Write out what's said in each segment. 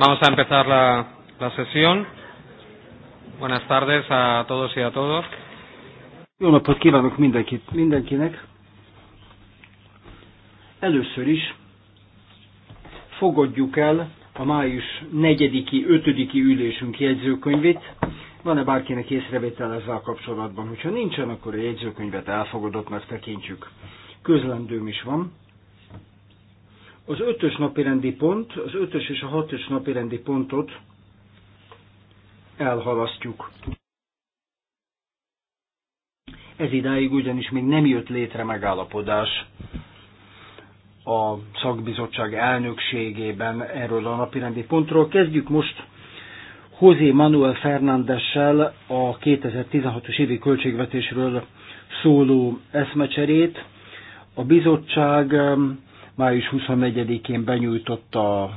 Vamos a empezar la, la sesión. Buenas tardes a todos y a todos. Jó napot kívánok mindenkit, mindenkinek. Először is fogadjuk el a május 4-i, 5 ülésünk jegyzőkönyvét. Van-e bárkinek észrevétel ezzel kapcsolatban? Hogyha nincsen, akkor a jegyzőkönyvet elfogadott, mert tekintjük. Közlendőm is van. Az ötös napirendi pont, az ötös és a hatos napirendi pontot elhalasztjuk. Ez idáig ugyanis még nem jött létre megállapodás a szakbizottság elnökségében erről a napirendi pontról. Kezdjük most José Manuel Fernándessel a 2016-os évi költségvetésről szóló eszmecserét. A bizottság május 24-én benyújtotta a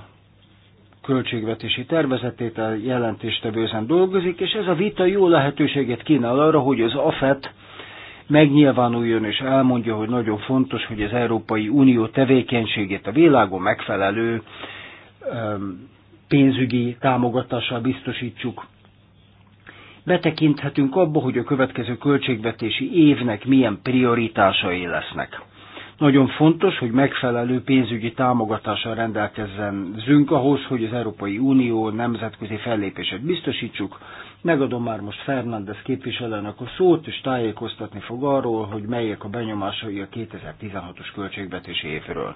költségvetési tervezetét, a jelentéstevőzen dolgozik, és ez a vita jó lehetőséget kínál arra, hogy az AFET megnyilvánuljon és elmondja, hogy nagyon fontos, hogy az Európai Unió tevékenységét a világon megfelelő pénzügyi támogatással biztosítsuk. Betekinthetünk abba, hogy a következő költségvetési évnek milyen prioritásai lesznek. Nagyon fontos, hogy megfelelő pénzügyi támogatással zünk ahhoz, hogy az Európai Unió nemzetközi fellépését biztosítsuk. Megadom már most Fernández képviselőnek a szót, és tájékoztatni fog arról, hogy melyek a benyomásai a 2016-os költségvetési évről.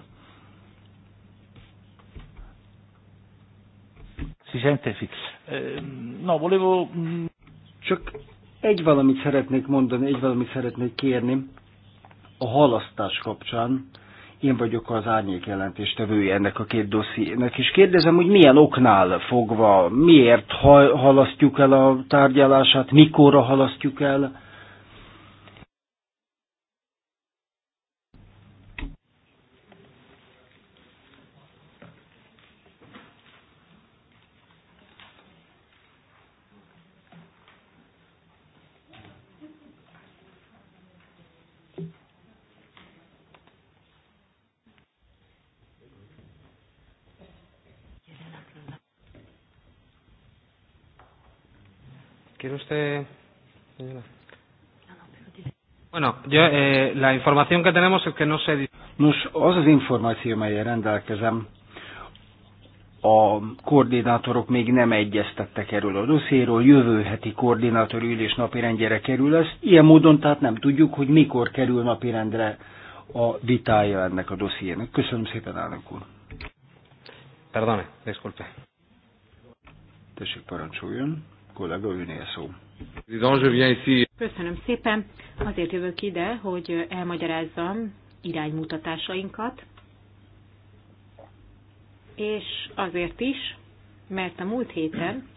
Eh, no, volevo... Mm, Csak egy valamit szeretnék mondani, egy valamit szeretnék kérni a halasztás kapcsán. Én vagyok az árnyék jelentéstevője ennek a két dossziének, és kérdezem, hogy milyen oknál fogva, miért halasztjuk el a tárgyalását, mikorra halasztjuk el, ¿Quiere usted, señora? Bueno, yo, eh, la información que tenemos es que no se... Nos, az az információ, melyen rendelkezem, a koordinátorok még nem egyeztettek erről a dosszéről, jövő heti koordinátor ülés napirendjére kerül ez. Ilyen módon tehát nem tudjuk, hogy mikor kerül napirendre a vitája ennek a dossziének. Köszönöm szépen, elnök úr. Perdone, disculpe. Tessék, parancsoljon kollega, őnél szó. Köszönöm szépen. Azért jövök ide, hogy elmagyarázzam iránymutatásainkat, és azért is, mert a múlt héten,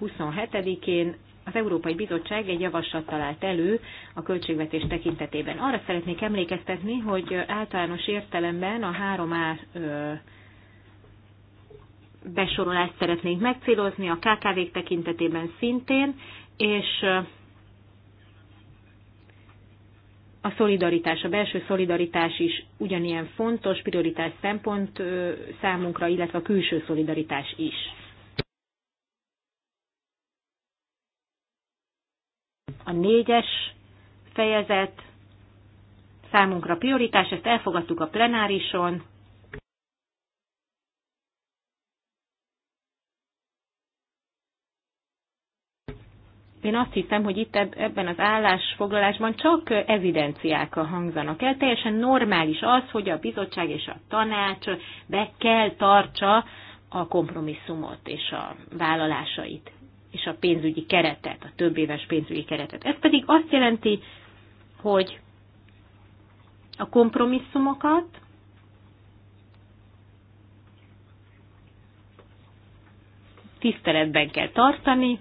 27-én az Európai Bizottság egy javaslat talált elő a költségvetés tekintetében. Arra szeretnék emlékeztetni, hogy általános értelemben a 3A besorolást szeretnénk megcélozni, a KKV-k tekintetében szintén, és a szolidaritás, a belső szolidaritás is ugyanilyen fontos prioritás szempont számunkra, illetve a külső szolidaritás is. A négyes fejezet számunkra prioritás, ezt elfogadtuk a plenárison, én azt hiszem, hogy itt ebben az állásfoglalásban csak evidenciák hangzanak el. Teljesen normális az, hogy a bizottság és a tanács be kell tartsa a kompromisszumot és a vállalásait, és a pénzügyi keretet, a több éves pénzügyi keretet. Ez pedig azt jelenti, hogy a kompromisszumokat tiszteletben kell tartani,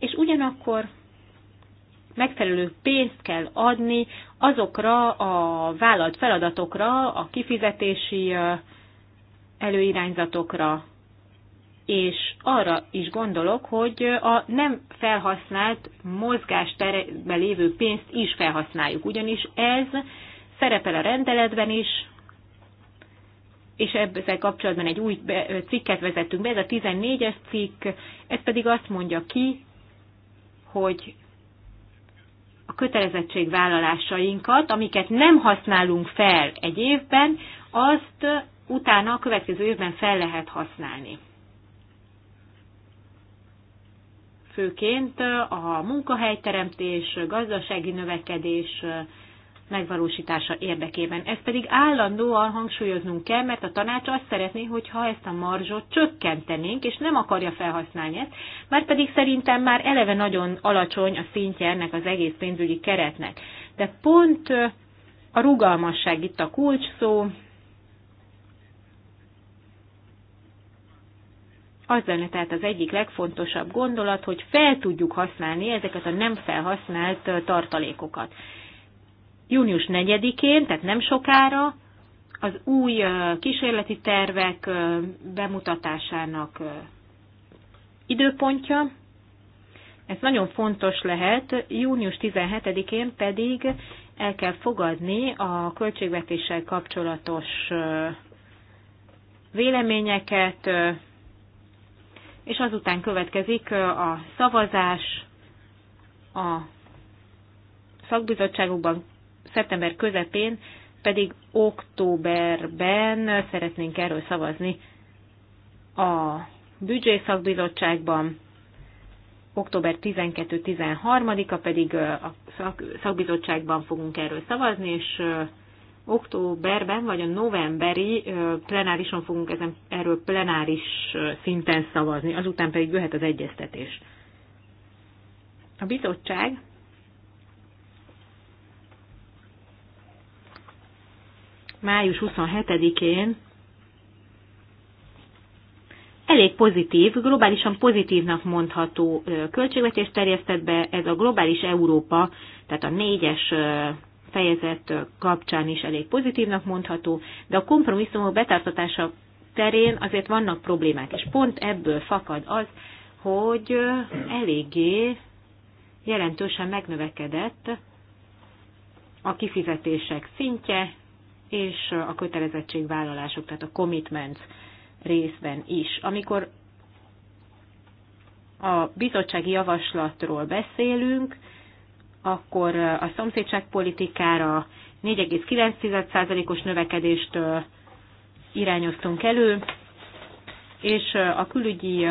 és ugyanakkor megfelelő pénzt kell adni azokra a vállalt feladatokra, a kifizetési előirányzatokra, és arra is gondolok, hogy a nem felhasznált mozgásterben lévő pénzt is felhasználjuk, ugyanis ez szerepel a rendeletben is, és ezzel kapcsolatban egy új cikket vezettünk be, ez a 14-es cikk, ez pedig azt mondja ki, hogy a kötelezettségvállalásainkat, amiket nem használunk fel egy évben, azt utána a következő évben fel lehet használni. Főként a munkahelyteremtés, gazdasági növekedés megvalósítása érdekében. Ezt pedig állandóan hangsúlyoznunk kell, mert a tanács azt szeretné, hogyha ezt a marzsot csökkentenénk, és nem akarja felhasználni ezt, mert pedig szerintem már eleve nagyon alacsony a szintje ennek az egész pénzügyi keretnek. De pont a rugalmasság itt a kulcs szó, Az lenne tehát az egyik legfontosabb gondolat, hogy fel tudjuk használni ezeket a nem felhasznált tartalékokat június 4-én, tehát nem sokára, az új kísérleti tervek bemutatásának időpontja. Ez nagyon fontos lehet, június 17-én pedig el kell fogadni a költségvetéssel kapcsolatos véleményeket, és azután következik a szavazás a szakbizottságokban szeptember közepén, pedig októberben szeretnénk erről szavazni a büdzsészakbizottságban, október 12-13-a pedig a szakbizottságban fogunk erről szavazni, és októberben vagy a novemberi plenárison fogunk ezen, erről plenáris szinten szavazni, azután pedig jöhet az egyeztetés. A bizottság május 27-én elég pozitív, globálisan pozitívnak mondható költségvetést terjesztett be, ez a globális Európa, tehát a négyes fejezet kapcsán is elég pozitívnak mondható, de a kompromisszumok betartatása terén azért vannak problémák, és pont ebből fakad az, hogy eléggé jelentősen megnövekedett a kifizetések szintje, és a kötelezettségvállalások, tehát a commitments részben is. Amikor a bizottsági javaslatról beszélünk, akkor a szomszédságpolitikára 4,9%-os növekedést irányoztunk elő, és a külügyi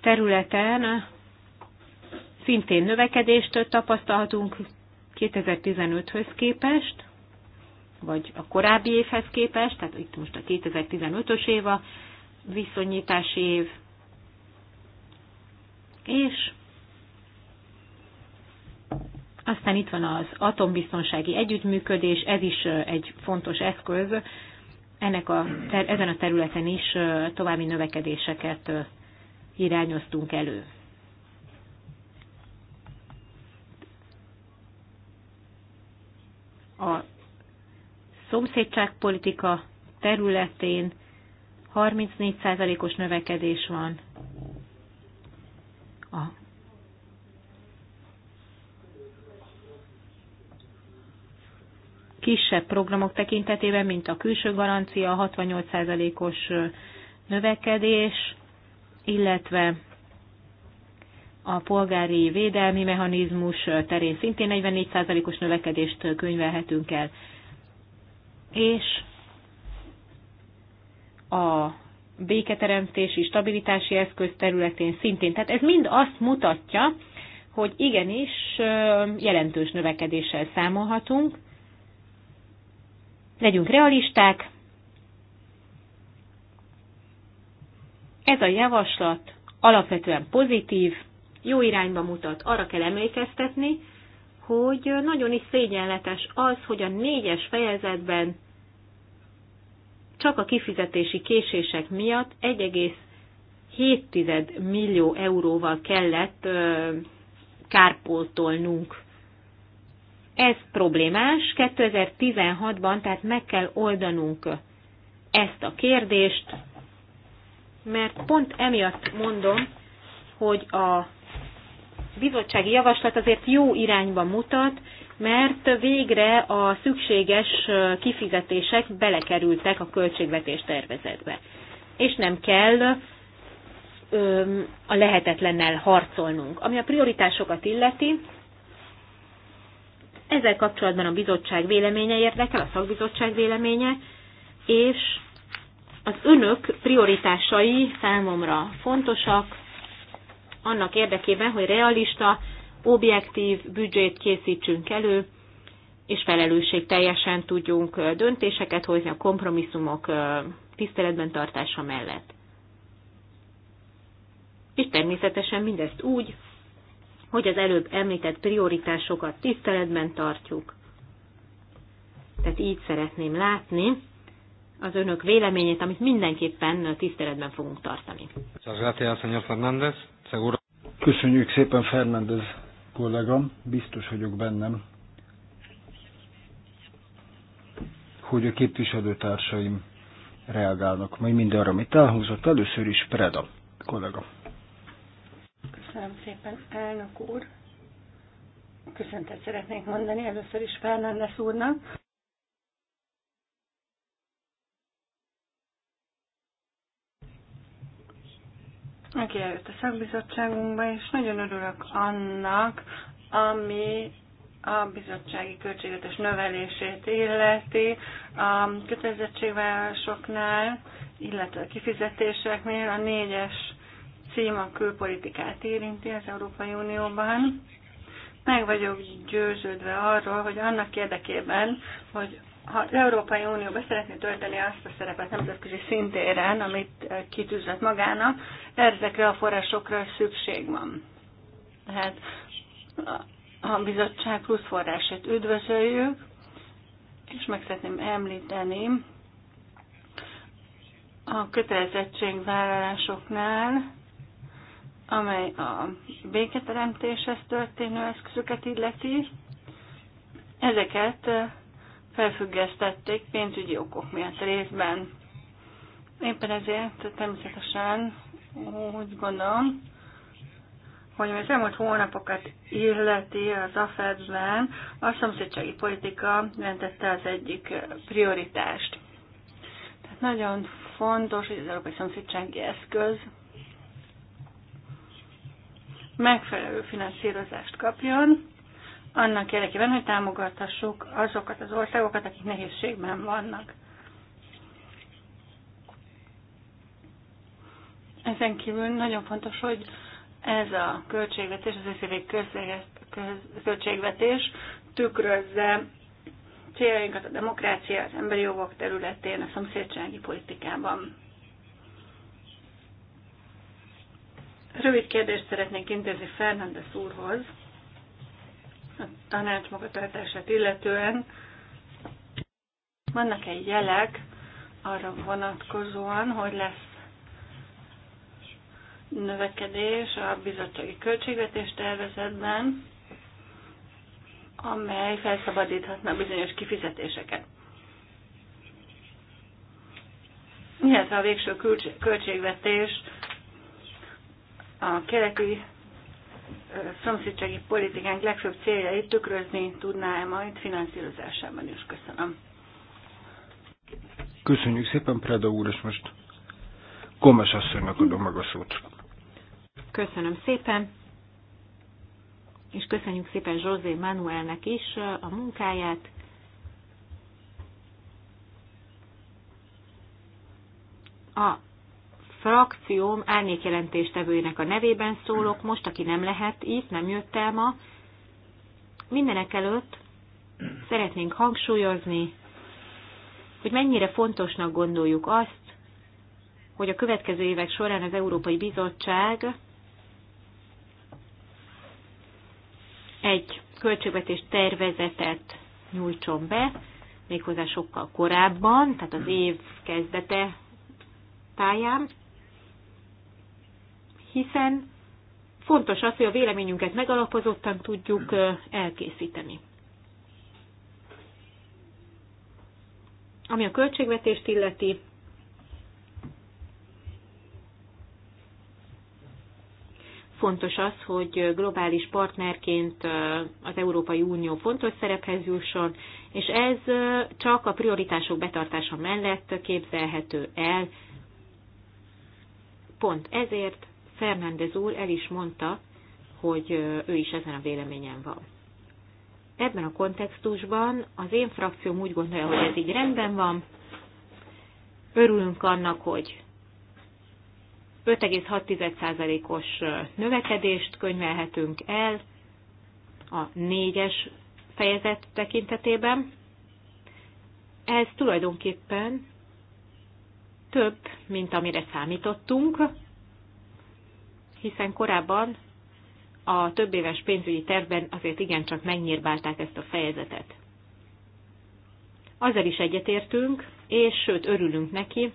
területen szintén növekedést tapasztalhatunk 2015-höz képest, vagy a korábbi évhez képest, tehát itt most a 2015-ös év a viszonyítási év, és aztán itt van az atombiztonsági együttműködés, ez is egy fontos eszköz, ennek a, ezen a területen is további növekedéseket irányoztunk elő. A szomszédságpolitika területén 34%-os növekedés van. A kisebb programok tekintetében, mint a külső garancia, 68%-os növekedés, illetve a polgári védelmi mechanizmus terén szintén 44%-os növekedést könyvelhetünk el és a béketeremtési, stabilitási eszköz területén szintén. Tehát ez mind azt mutatja, hogy igenis jelentős növekedéssel számolhatunk. Legyünk realisták. Ez a javaslat alapvetően pozitív, jó irányba mutat, arra kell emlékeztetni, hogy nagyon is szégyenletes az, hogy a négyes fejezetben csak a kifizetési késések miatt 1,7 millió euróval kellett kárpótolnunk. Ez problémás, 2016-ban, tehát meg kell oldanunk ezt a kérdést, mert pont emiatt mondom, hogy a bizottsági javaslat azért jó irányba mutat, mert végre a szükséges kifizetések belekerültek a költségvetés tervezetbe. És nem kell a lehetetlennel harcolnunk. Ami a prioritásokat illeti, ezzel kapcsolatban a bizottság véleménye érdekel, a szakbizottság véleménye, és az önök prioritásai számomra fontosak, annak érdekében, hogy realista, objektív büdzsét készítsünk elő, és felelősség teljesen tudjunk döntéseket hozni a kompromisszumok tiszteletben tartása mellett. És természetesen mindezt úgy, hogy az előbb említett prioritásokat tiszteletben tartjuk. Tehát így szeretném látni az önök véleményét, amit mindenképpen tiszteletben fogunk tartani. Köszönöm, Fernández. Köszönjük szépen, Fernández kollega, biztos vagyok bennem, hogy a képviselőtársaim reagálnak majd minden arra, amit elhangzott. Először is Preda kollega. Köszönöm szépen, elnök úr. Köszöntet szeretnék mondani először is Fernández úrnak. aki eljött a szakbizottságunkba, és nagyon örülök annak, ami a bizottsági költségetes növelését illeti a kötelezettségvárásoknál, illetve a kifizetéseknél a négyes cím a külpolitikát érinti az Európai Unióban. Meg vagyok győződve arról, hogy annak érdekében, hogy ha az Európai Unió szeretné tölteni azt a szerepet nemzetközi szintéren, amit eh, kitűzött magának, ezekre a forrásokra szükség van. Tehát a bizottság plusz forrását üdvözöljük, és meg szeretném említeni a kötelezettségvállalásoknál, amely a béketeremtéshez történő eszközöket illeti, ezeket eh, felfüggesztették pénzügyi okok miatt részben. Éppen ezért természetesen úgy gondolom, hogy az elmúlt hónapokat illeti az AFED-ben, a szomszédsági politika jelentette az egyik prioritást. Tehát nagyon fontos, hogy az Európai Szomszédsági Eszköz megfelelő finanszírozást kapjon, annak érdekében, hogy támogathassuk azokat az országokat, akik nehézségben vannak. Ezen kívül nagyon fontos, hogy ez a költségvetés, az összévék költségvetés tükrözze céljainkat a demokrácia, az emberi jogok területén, a szomszédsági politikában. Rövid kérdést szeretnék intézni Fernandez úrhoz a tanács magatartását illetően vannak egy jelek arra vonatkozóan, hogy lesz növekedés a bizottsági költségvetés tervezetben, amely felszabadíthatna bizonyos kifizetéseket. Illetve a végső költségvetés a kerekű szomszédsági politikánk legfőbb céljait tükrözni tudná-e majd finanszírozásában is. Köszönöm. Köszönjük szépen, Preda úr, és most Gomes asszonynak adom meg a szót. Köszönöm szépen, és köszönjük szépen José Manuelnek is a munkáját. A frakcióm árnyékjelentéstevőjének a nevében szólok most, aki nem lehet itt, nem jött el ma. Mindenek előtt szeretnénk hangsúlyozni, hogy mennyire fontosnak gondoljuk azt, hogy a következő évek során az Európai Bizottság egy költségvetés tervezetet nyújtson be, méghozzá sokkal korábban, tehát az év kezdete táján, hiszen fontos az, hogy a véleményünket megalapozottan tudjuk elkészíteni. Ami a költségvetést illeti, fontos az, hogy globális partnerként az Európai Unió fontos szerephez jusson, és ez csak a prioritások betartása mellett képzelhető el. Pont ezért Fernández úr el is mondta, hogy ő is ezen a véleményen van. Ebben a kontextusban az én frakcióm úgy gondolja, hogy ez így rendben van. Örülünk annak, hogy 5,6%-os növekedést könyvelhetünk el a négyes fejezet tekintetében. Ez tulajdonképpen több, mint amire számítottunk, hiszen korábban a több éves pénzügyi tervben azért igencsak megnyírbálták ezt a fejezetet. Azzal is egyetértünk, és sőt örülünk neki,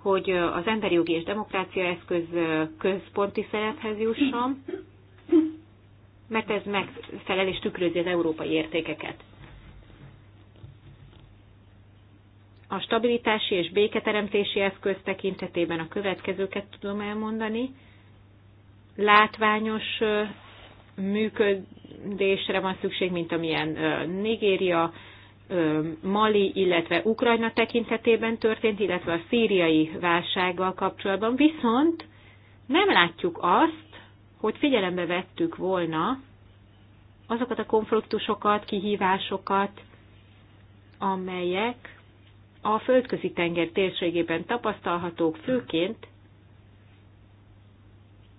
hogy az emberi jogi és demokrácia eszköz központi szerephez jusson, mert ez megfelel és tükrözi az európai értékeket. A stabilitási és béketeremtési eszköz tekintetében a következőket tudom elmondani. Látványos működésre van szükség, mint amilyen Nigéria, Mali, illetve Ukrajna tekintetében történt, illetve a szíriai válsággal kapcsolatban. Viszont nem látjuk azt, hogy figyelembe vettük volna azokat a konfliktusokat, kihívásokat, amelyek a földközi tenger térségében tapasztalhatók, főként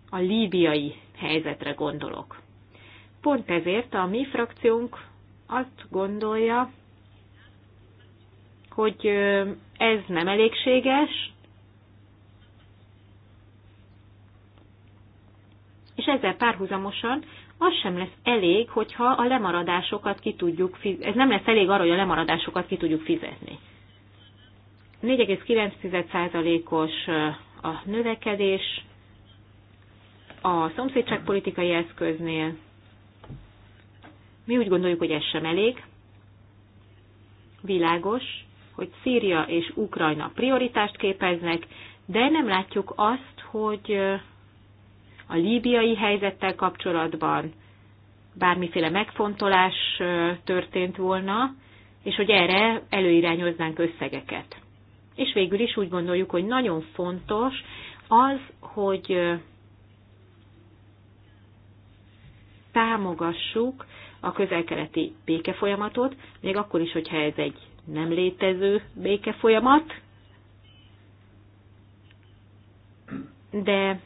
a líbiai helyzetre gondolok. Pont ezért a mi frakciónk azt gondolja, hogy ez nem elégséges, és ezzel párhuzamosan az sem lesz elég, hogyha a lemaradásokat ki tudjuk, ez nem lesz elég arra, hogy a lemaradásokat ki tudjuk fizetni. 4,9%-os a növekedés a szomszédságpolitikai eszköznél. Mi úgy gondoljuk, hogy ez sem elég. Világos, hogy Szíria és Ukrajna prioritást képeznek, de nem látjuk azt, hogy a líbiai helyzettel kapcsolatban bármiféle megfontolás történt volna, és hogy erre előirányoznánk összegeket. És végül is úgy gondoljuk, hogy nagyon fontos az, hogy támogassuk a közelkeleti békefolyamatot, még akkor is, hogyha ez egy nem létező békefolyamat, de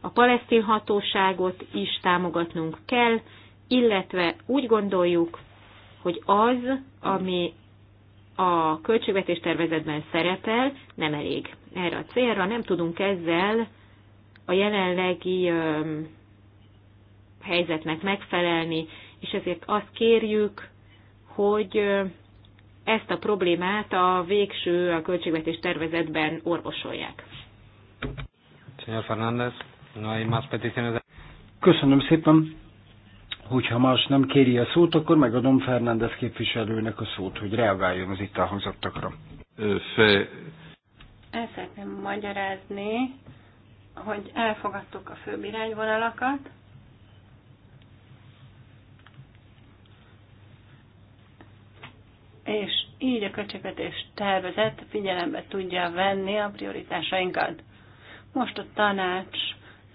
a palesztin hatóságot is támogatnunk kell, illetve úgy gondoljuk, hogy az, ami a költségvetés tervezetben szerepel, nem elég erre a célra, nem tudunk ezzel a jelenlegi helyzetnek megfelelni, és ezért azt kérjük, hogy ezt a problémát a végső a költségvetés tervezetben orvosolják. Señor Fernández, no hay más peticiones. Köszönöm szépen. Hogyha más nem kéri a szót, akkor megadom Fernández képviselőnek a szót, hogy reagáljon az itt elhangzottakra. Fe... El szeretném magyarázni, hogy elfogadtuk a főbb irányvonalakat, és így a költségvetés tervezet figyelembe tudja venni a prioritásainkat. Most a tanács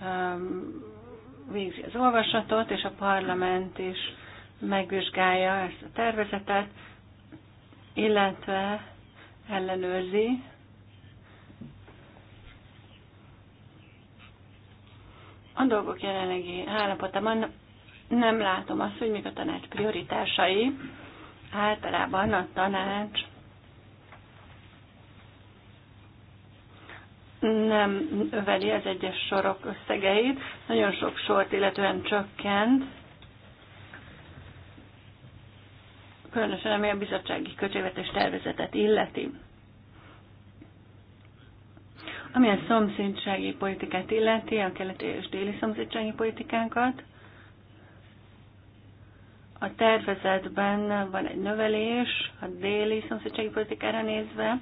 um, végzi az olvasatot, és a parlament is megvizsgálja ezt a tervezetet, illetve ellenőrzi, a dolgok jelenlegi állapotában nem látom azt, hogy mik a tanács prioritásai. Általában a tanács nem öveli az egyes sorok összegeit, nagyon sok sort illetően csökkent, különösen ami a bizottsági költségvetés tervezetet illeti. Ami a szomszédsági politikát illeti, a keleti és déli szomszédsági politikánkat, a tervezetben van egy növelés a déli szomszédsági politikára nézve,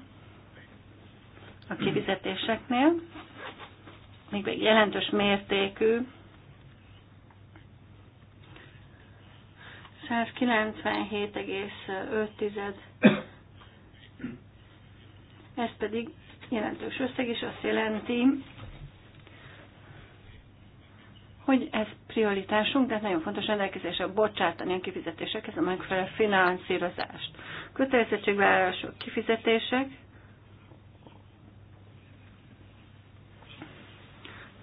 a kifizetéseknél, még még jelentős mértékű 197,5 ez pedig jelentős összeg, és azt jelenti, hogy ez prioritásunk, tehát nagyon fontos rendelkezésre bocsátani a kifizetésekhez a megfelelő finanszírozást. Kötelezettségvállalások, kifizetések,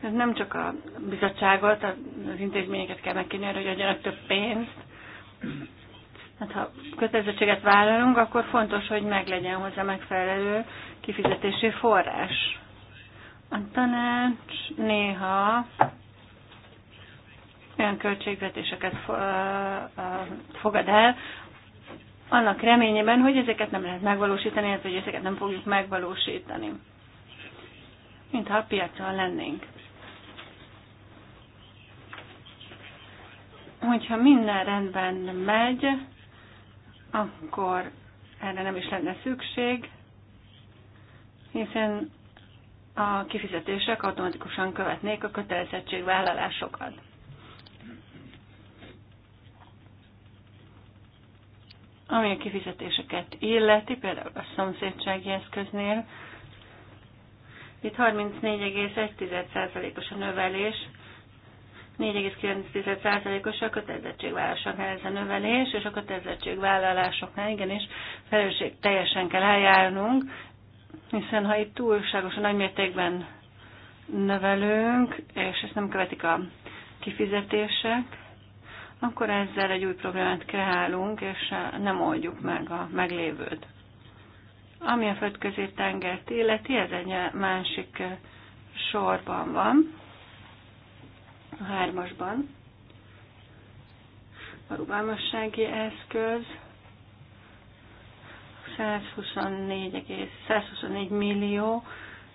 Ez nem csak a bizottságot, az intézményeket kell megkérni hogy adjanak több pénzt. Hát ha kötelezettséget vállalunk, akkor fontos, hogy meglegyen hozzá megfelelő kifizetési forrás. A tanács néha olyan költségvetéseket fogad el, annak reményében, hogy ezeket nem lehet megvalósítani, illetve hogy ezeket nem fogjuk megvalósítani. Mintha a piacon lennénk. hogyha minden rendben megy, akkor erre nem is lenne szükség, hiszen a kifizetések automatikusan követnék a kötelezettségvállalásokat. Ami a kifizetéseket illeti, például a szomszédsági eszköznél, itt 34,1%-os a növelés 4,9%-os a kötelezettségvállalásoknál ez a növelés, és a kötelezettségvállalásoknál igenis felelősség teljesen kell eljárnunk, hiszen ha itt túlságosan nagymértékben növelünk, és ezt nem követik a kifizetések, akkor ezzel egy új problémát kreálunk, és nem oldjuk meg a meglévőt. Ami a földközi tengert illeti, ez egy másik sorban van a hármasban. A rugalmassági eszköz 124, millió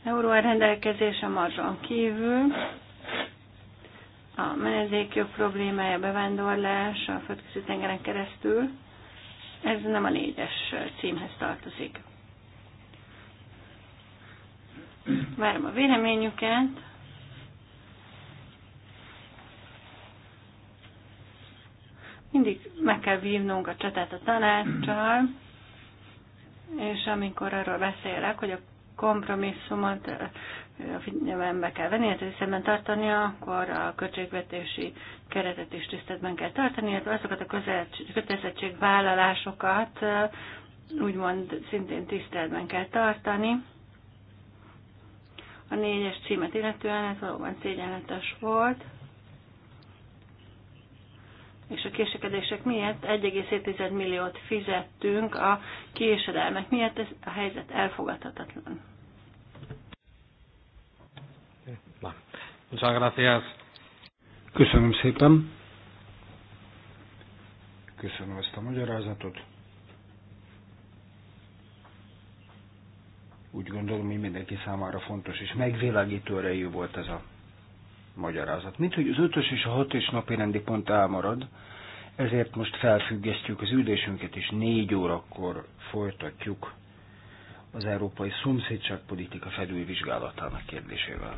euró a rendelkezés a marzson kívül. A menedékjog problémája bevándorlás a földközi tengeren keresztül. Ez nem a négyes címhez tartozik. Várom a véleményüket. Mindig meg kell vívnunk a csatát a tanácssal, és amikor arról beszélek, hogy a kompromisszumot figyelembe kell venni, illetve hát tiszteletben tartani, akkor a költségvetési keretet is tisztetben kell tartani, illetve azokat a kötelezettségvállalásokat úgymond szintén tiszteletben kell tartani. A négyes címet illetően ez valóban szégyenletes volt és a késekedések miatt 1,7 milliót fizettünk a késedelmek miatt, ez a helyzet elfogadhatatlan. Köszönöm szépen. Köszönöm ezt a magyarázatot. Úgy gondolom, hogy mindenki számára fontos és megvilágítóra erejű volt ez a magyarázat. Mint hogy az ötös és a hat és napi rendi pont elmarad, ezért most felfüggesztjük az üdésünket és négy órakor folytatjuk az európai szomszédságpolitika felülvizsgálatának kérdésével.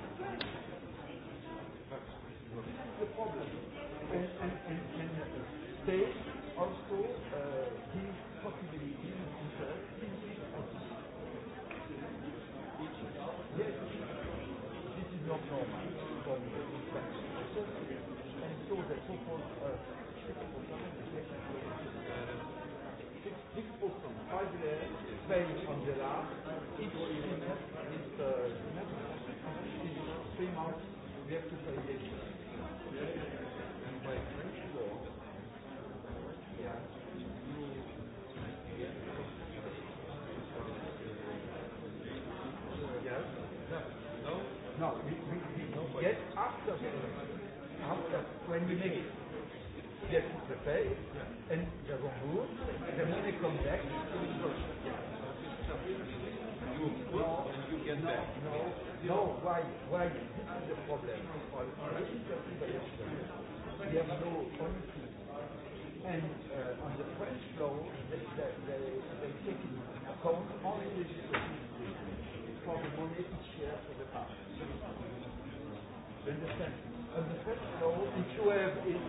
You understand? On the first floor, if you have is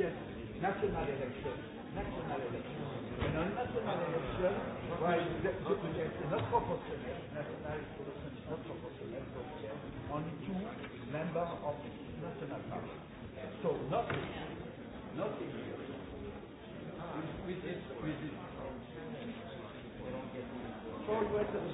yes, national election, national election, and on national election, why the, the, yes, not proportional, national is not proportional, only two members of national party. So nothing, nothing. With, with this, with this. So you have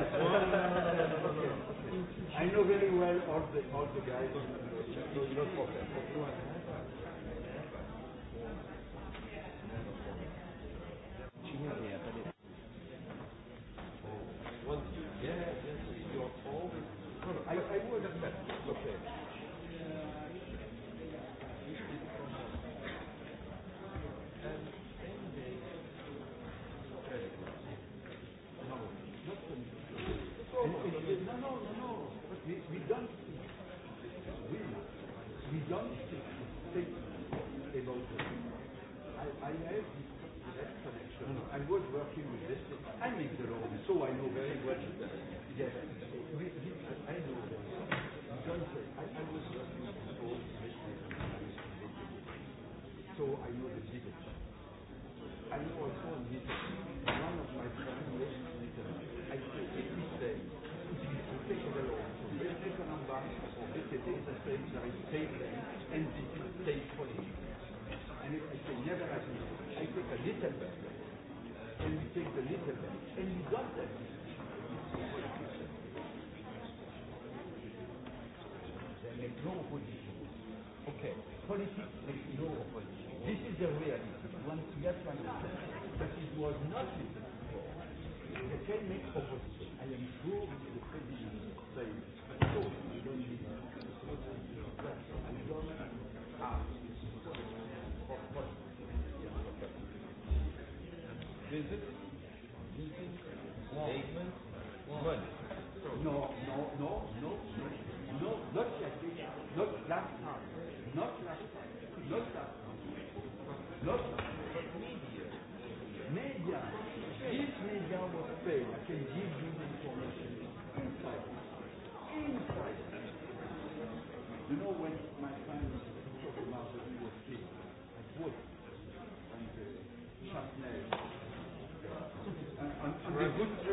I know very well all the all the guys the so you I have that connection. I was working with this. I make the law, so I know very well. Yes, I know very well. I, I was working with people, so I know the details. I know also details. One of my friends was I said, if we say, take the law, so take a number, or BTD, that says there is take entity, take a little bit, and you take the little bit, and you got that. There is no opposition. Okay, politics makes no opposition. This is the reality. Once you have to understand that it was not before, they can make opposition. is it?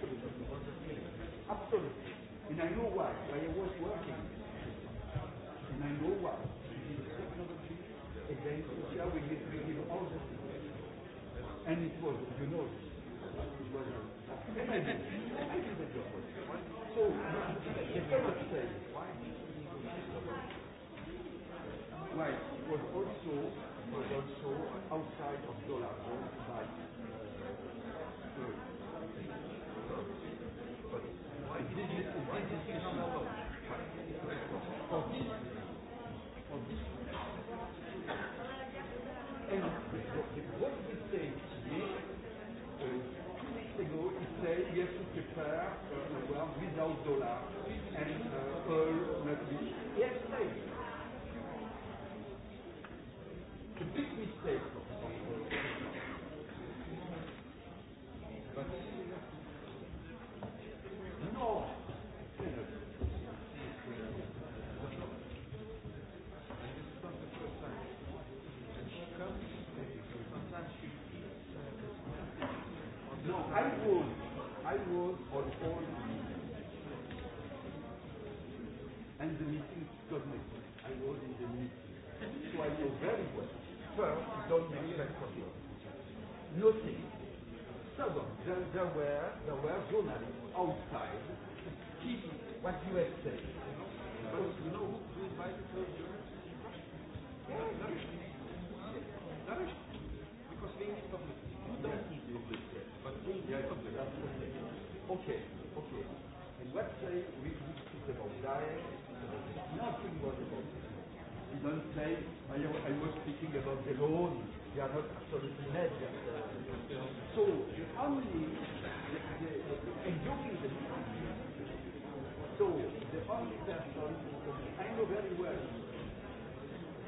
Absolutely. And I know why. Why I was working. And I know why. And then yeah, we give, we give all the And it was, you know, it was and I the job. So you cannot say why. It was also was also outside of dollar zone, but szólás. Nothing was about it. You don't say, I, was speaking about the loan. They are not absolutely mad. So the only, the, the, the, enjoying the family. So the only person, I know very well,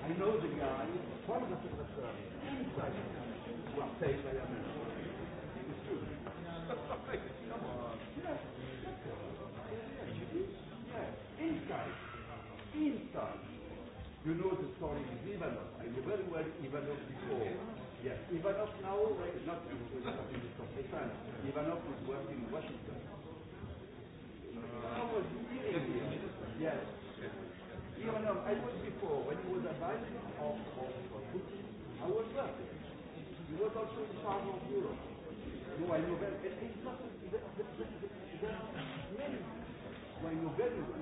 I know the guy, one of the professors, inside, who are paid by America. true. You know the story with Ivanov. I knew very well Ivanov before. Yes, Ivanov now, is not in the Stefan. Ivanov is working in Washington. How was he here? Yes. Ivanov, I was before, when he was advisor of, of Putin, I was working. He was also in charge of Europe. No, I know very well. There are many I know very well.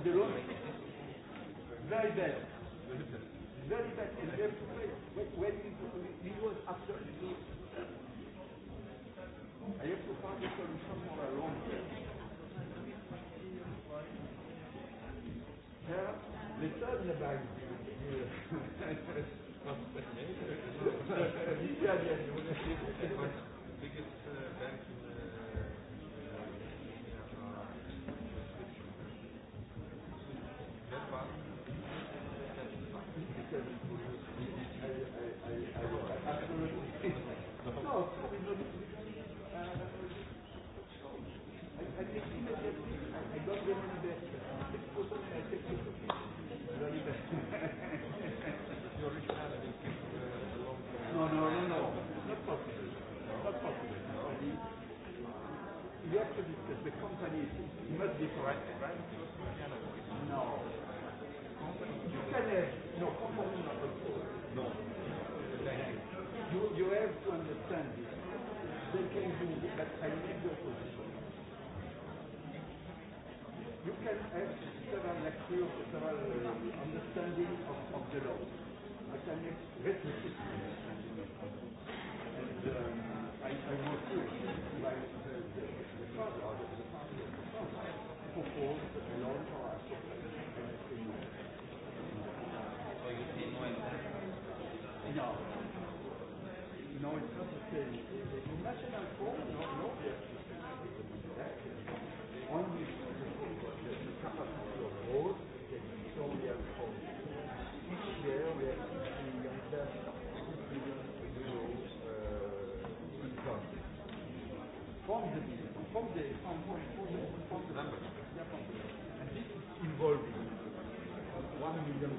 الدرون very bad very bad and very when he was after he I have to find a solution for a long term her method about understanding of, of the law. I can make Három millió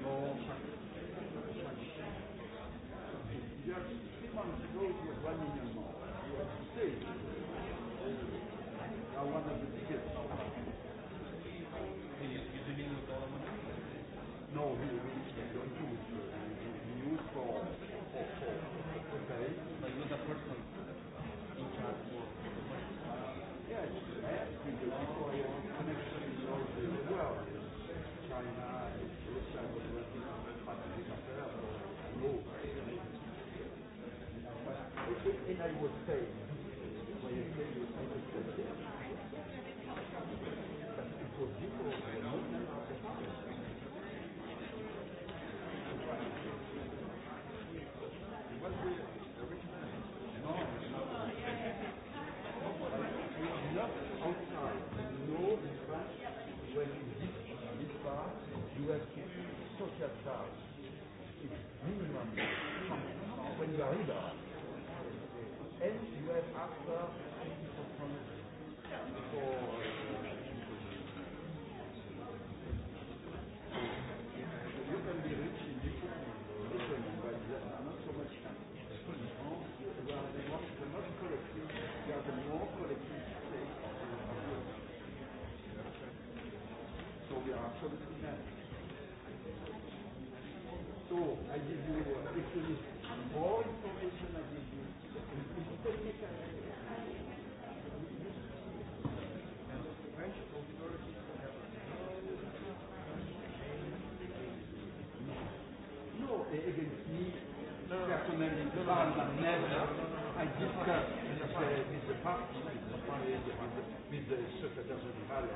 doesn't follow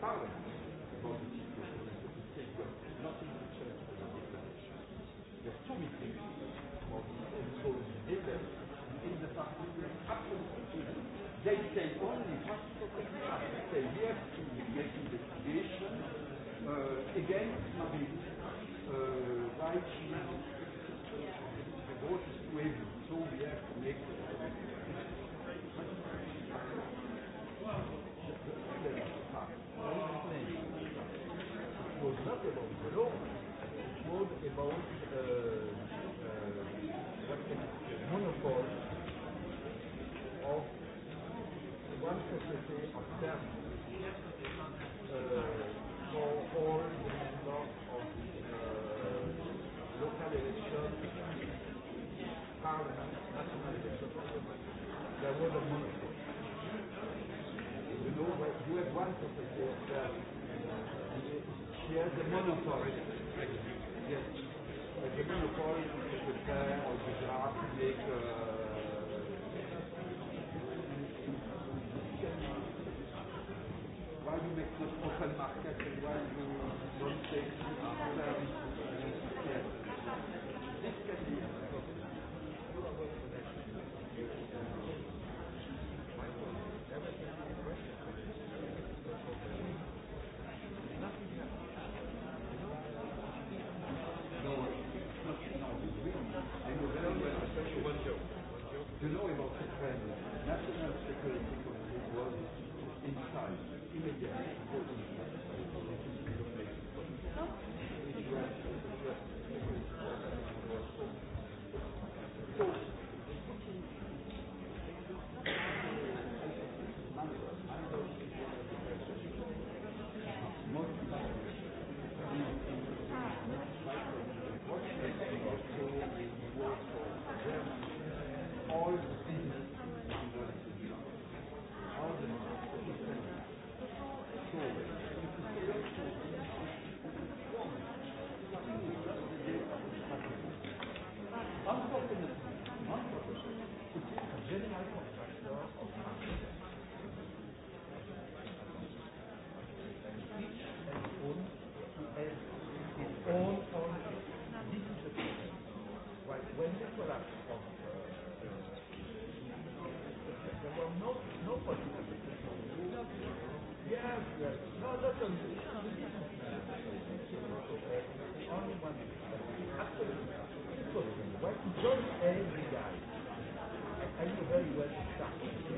Parliament. authority John Henry died. Are you very well stuck?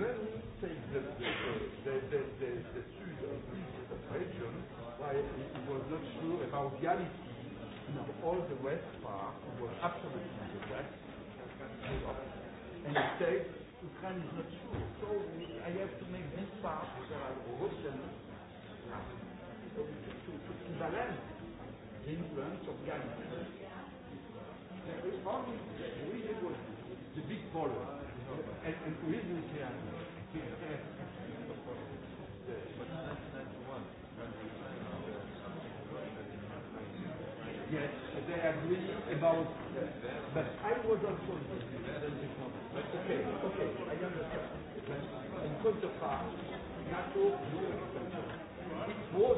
really take the, the, the, the, the, the Sud of this region, why it was not sure about reality. No. All the west part was absolutely the west Europe. And it said, Ukraine is not sure, so I have to make this part, there are Russians, so to, to, to balance the influence of reality. There is only, the big problem, and, and who is about but I was also but okay, okay, I understand. in point of fact, NATO it was, it was It's war.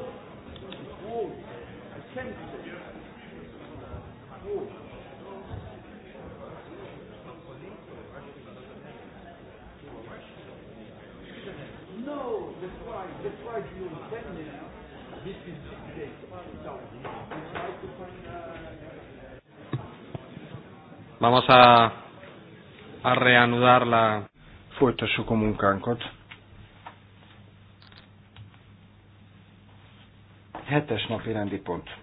No, that's why, that's why you're standing me this is Vamos a, a reanudar la... Folytassuk a munkánkat. Hetes napi rendi pont.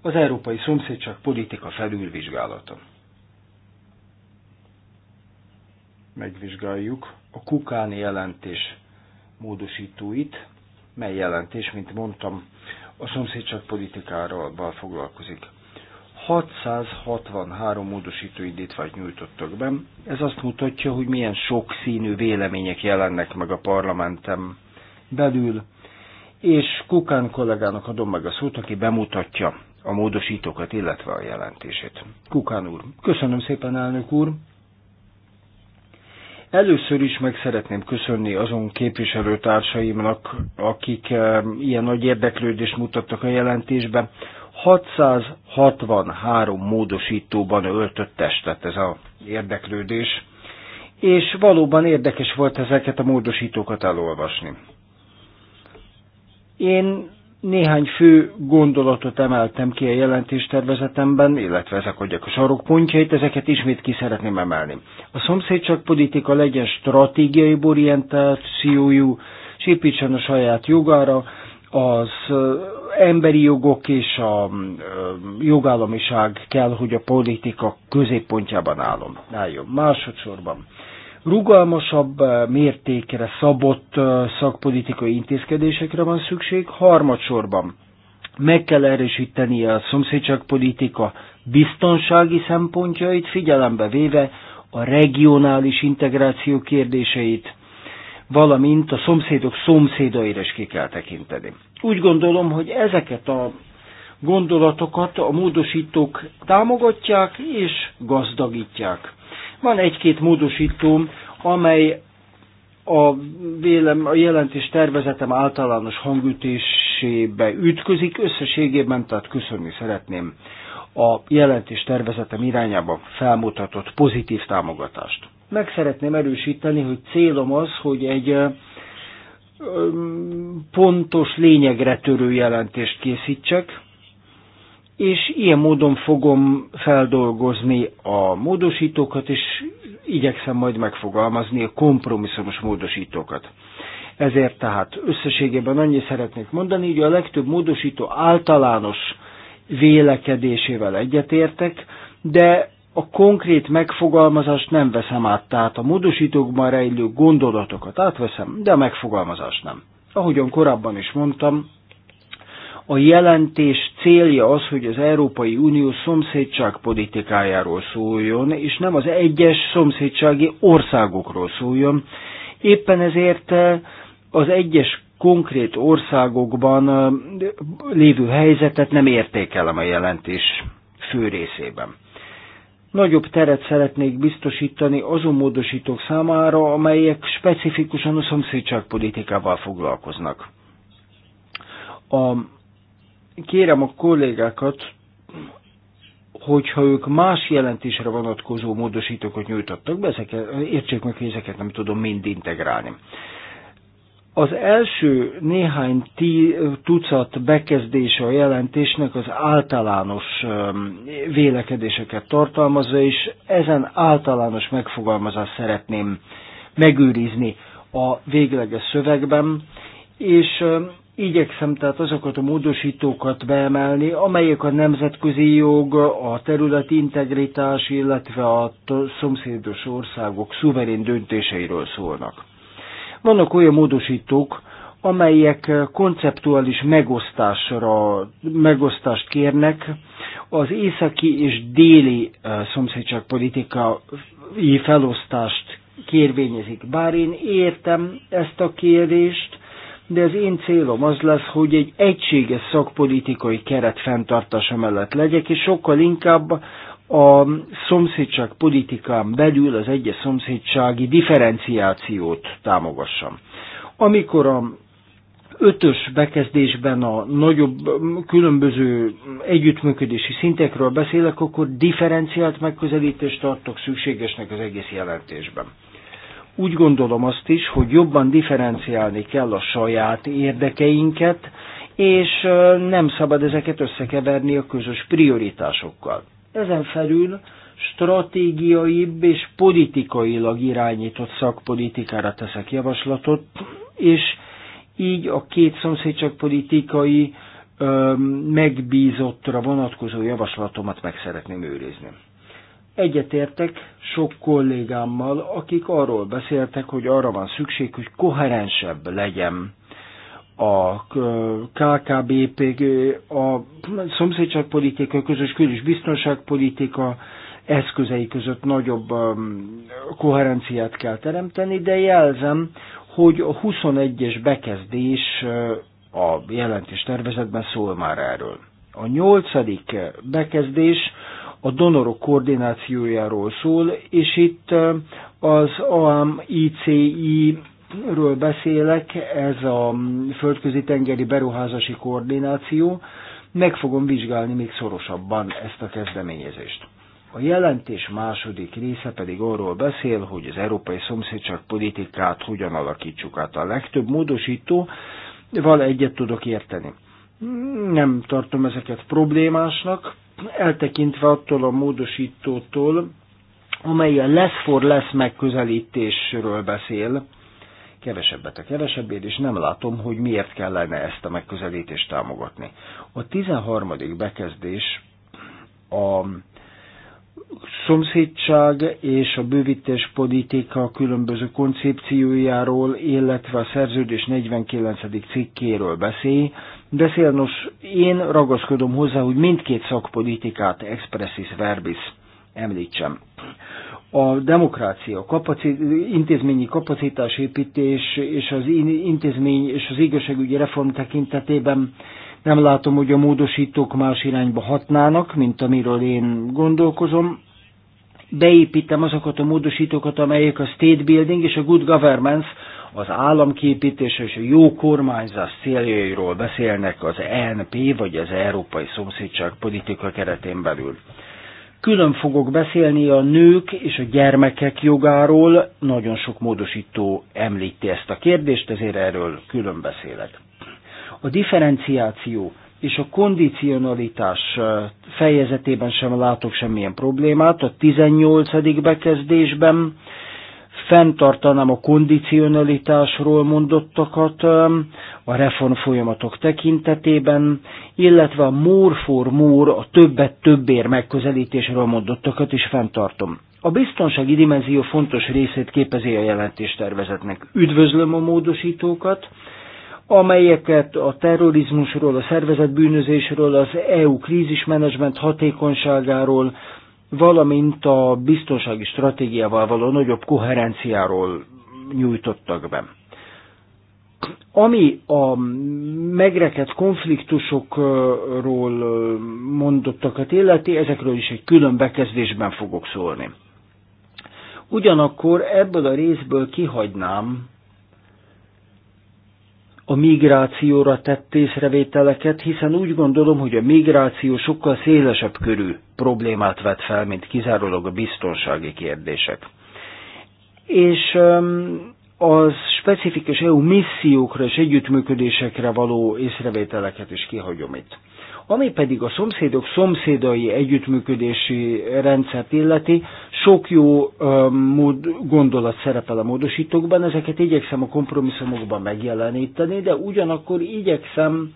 Az európai szomszédság politika felülvizsgálata. Megvizsgáljuk a Kukáni jelentés módosítóit, mely jelentés, mint mondtam, a szomszédság politikáról foglalkozik. 663 módosító indítványt nyújtottak be. Ez azt mutatja, hogy milyen sok színű vélemények jelennek meg a parlamentem belül, és Kukán kollégának adom meg a szót, aki bemutatja a módosítókat, illetve a jelentését. Kukán úr, köszönöm szépen, elnök úr! Először is meg szeretném köszönni azon képviselőtársaimnak, akik eh, ilyen nagy érdeklődést mutattak a jelentésbe, 663 módosítóban öltött testet ez a érdeklődés, és valóban érdekes volt ezeket a módosítókat elolvasni. Én néhány fő gondolatot emeltem ki a jelentéstervezetemben, illetve ezek adják a sarokpontjait, ezeket ismét ki szeretném emelni. A szomszédságpolitika legyen stratégiai orientációjú, és építsen a saját jogára, az emberi jogok és a jogállamiság kell, hogy a politika középpontjában állom, álljon. Másodszorban rugalmasabb mértékre szabott szakpolitikai intézkedésekre van szükség. Harmadsorban meg kell erősíteni a szomszédságpolitika biztonsági szempontjait, figyelembe véve a regionális integráció kérdéseit, valamint a szomszédok szomszédaira is ki kell tekinteni. Úgy gondolom, hogy ezeket a gondolatokat a módosítók támogatják és gazdagítják. Van egy-két módosítóm, amely a, vélem, a jelentés tervezetem általános hangütésébe ütközik, összességében, tehát köszönni szeretném a jelentés tervezetem irányába felmutatott pozitív támogatást meg szeretném erősíteni, hogy célom az, hogy egy pontos, lényegre törő jelentést készítsek, és ilyen módon fogom feldolgozni a módosítókat, és igyekszem majd megfogalmazni a kompromisszumos módosítókat. Ezért tehát összességében annyi szeretnék mondani, hogy a legtöbb módosító általános vélekedésével egyetértek, de a konkrét megfogalmazást nem veszem át, tehát a módosítókban rejlő gondolatokat átveszem, de a megfogalmazást nem. Ahogyan korábban is mondtam, a jelentés célja az, hogy az Európai Unió szomszédság politikájáról szóljon, és nem az egyes szomszédsági országokról szóljon. Éppen ezért eh, az egyes konkrét országokban eh, lévő helyzetet nem értékelem a jelentés fő részében. Nagyobb teret szeretnék biztosítani azon módosítók számára, amelyek specifikusan a szomszédságpolitikával foglalkoznak. A, kérem a kollégákat, hogyha ők más jelentésre vonatkozó módosítókat nyújtottak be, ezeket, értsék meg, hogy ezeket nem tudom mind integrálni. Az első néhány tí, tucat bekezdése a jelentésnek az általános vélekedéseket tartalmazza, és ezen általános megfogalmazást szeretném megőrizni a végleges szövegben, és igyekszem tehát azokat a módosítókat beemelni, amelyek a nemzetközi jog, a területi integritás, illetve a szomszédos országok szuverén döntéseiről szólnak. Vannak olyan módosítók, amelyek konceptuális megosztásra, megosztást kérnek az északi és déli eh, szomszédságpolitikai felosztást kérvényezik. Bár én értem ezt a kérdést, de az én célom az lesz, hogy egy egységes szakpolitikai keret fenntartása mellett legyek, és sokkal inkább a szomszédság politikán belül az egyes szomszédsági differenciációt támogassam. Amikor a ötös bekezdésben a nagyobb különböző együttműködési szintekről beszélek, akkor differenciált megközelítést tartok szükségesnek az egész jelentésben. Úgy gondolom azt is, hogy jobban differenciálni kell a saját érdekeinket, és nem szabad ezeket összekeverni a közös prioritásokkal. Ezen felül stratégiaibb és politikailag irányított szakpolitikára teszek javaslatot, és így a két szomszédság politikai ö, megbízottra vonatkozó javaslatomat meg szeretném őrizni. Egyetértek sok kollégámmal, akik arról beszéltek, hogy arra van szükség, hogy koherensebb legyen a KKBP, a szomszédságpolitika, közös kül- biztonságpolitika eszközei között nagyobb um, koherenciát kell teremteni, de jelzem, hogy a 21-es bekezdés uh, a jelentés tervezetben szól már erről. A nyolcadik bekezdés a donorok koordinációjáról szól, és itt uh, az AMICI ről beszélek, ez a földközi tengeri beruházási koordináció, meg fogom vizsgálni még szorosabban ezt a kezdeményezést. A jelentés második része pedig arról beszél, hogy az európai szomszédság politikát hogyan alakítsuk át. A legtöbb módosító val egyet tudok érteni. Nem tartom ezeket problémásnak, eltekintve attól a módosítótól, amely a less for less megközelítésről beszél, kevesebbet a kevesebbért, és nem látom, hogy miért kellene ezt a megközelítést támogatni. A 13. bekezdés a szomszédság és a bővítés politika különböző koncepciójáról, illetve a szerződés 49. cikkéről beszél. Beszél, nos, én ragaszkodom hozzá, hogy mindkét szakpolitikát expressis verbis említsem a demokrácia, kapacit, intézményi kapacitásépítés és az intézmény és az igazságügyi reform tekintetében nem látom, hogy a módosítók más irányba hatnának, mint amiről én gondolkozom. Beépítem azokat a módosítókat, amelyek a state building és a good governance, az államképítés és a jó kormányzás céljairól beszélnek az ENP vagy az Európai Szomszédság politika keretén belül. Külön fogok beszélni a nők és a gyermekek jogáról, nagyon sok módosító említi ezt a kérdést, ezért erről külön beszélek. A differenciáció és a kondicionalitás fejezetében sem látok semmilyen problémát. A 18. bekezdésben fenntartanám a kondicionalitásról mondottakat a reform folyamatok tekintetében, illetve a more for more, a többet többér megközelítésről mondottakat is fenntartom. A biztonsági dimenzió fontos részét képezi a jelentéstervezetnek. Üdvözlöm a módosítókat, amelyeket a terrorizmusról, a szervezetbűnözésről, az EU krízismenedzsment hatékonyságáról, valamint a biztonsági stratégiával való nagyobb koherenciáról nyújtottak be. Ami a megrekedt konfliktusokról mondottakat illeti, ezekről is egy külön bekezdésben fogok szólni. Ugyanakkor ebből a részből kihagynám a migrációra tett észrevételeket, hiszen úgy gondolom, hogy a migráció sokkal szélesebb körű problémát vet fel, mint kizárólag a biztonsági kérdések. És az specifikus EU missziókra és együttműködésekre való észrevételeket is kihagyom itt. Ami pedig a szomszédok szomszédai együttműködési rendszert illeti, sok jó mód, gondolat szerepel a módosítókban, ezeket igyekszem a kompromisszumokban megjeleníteni, de ugyanakkor igyekszem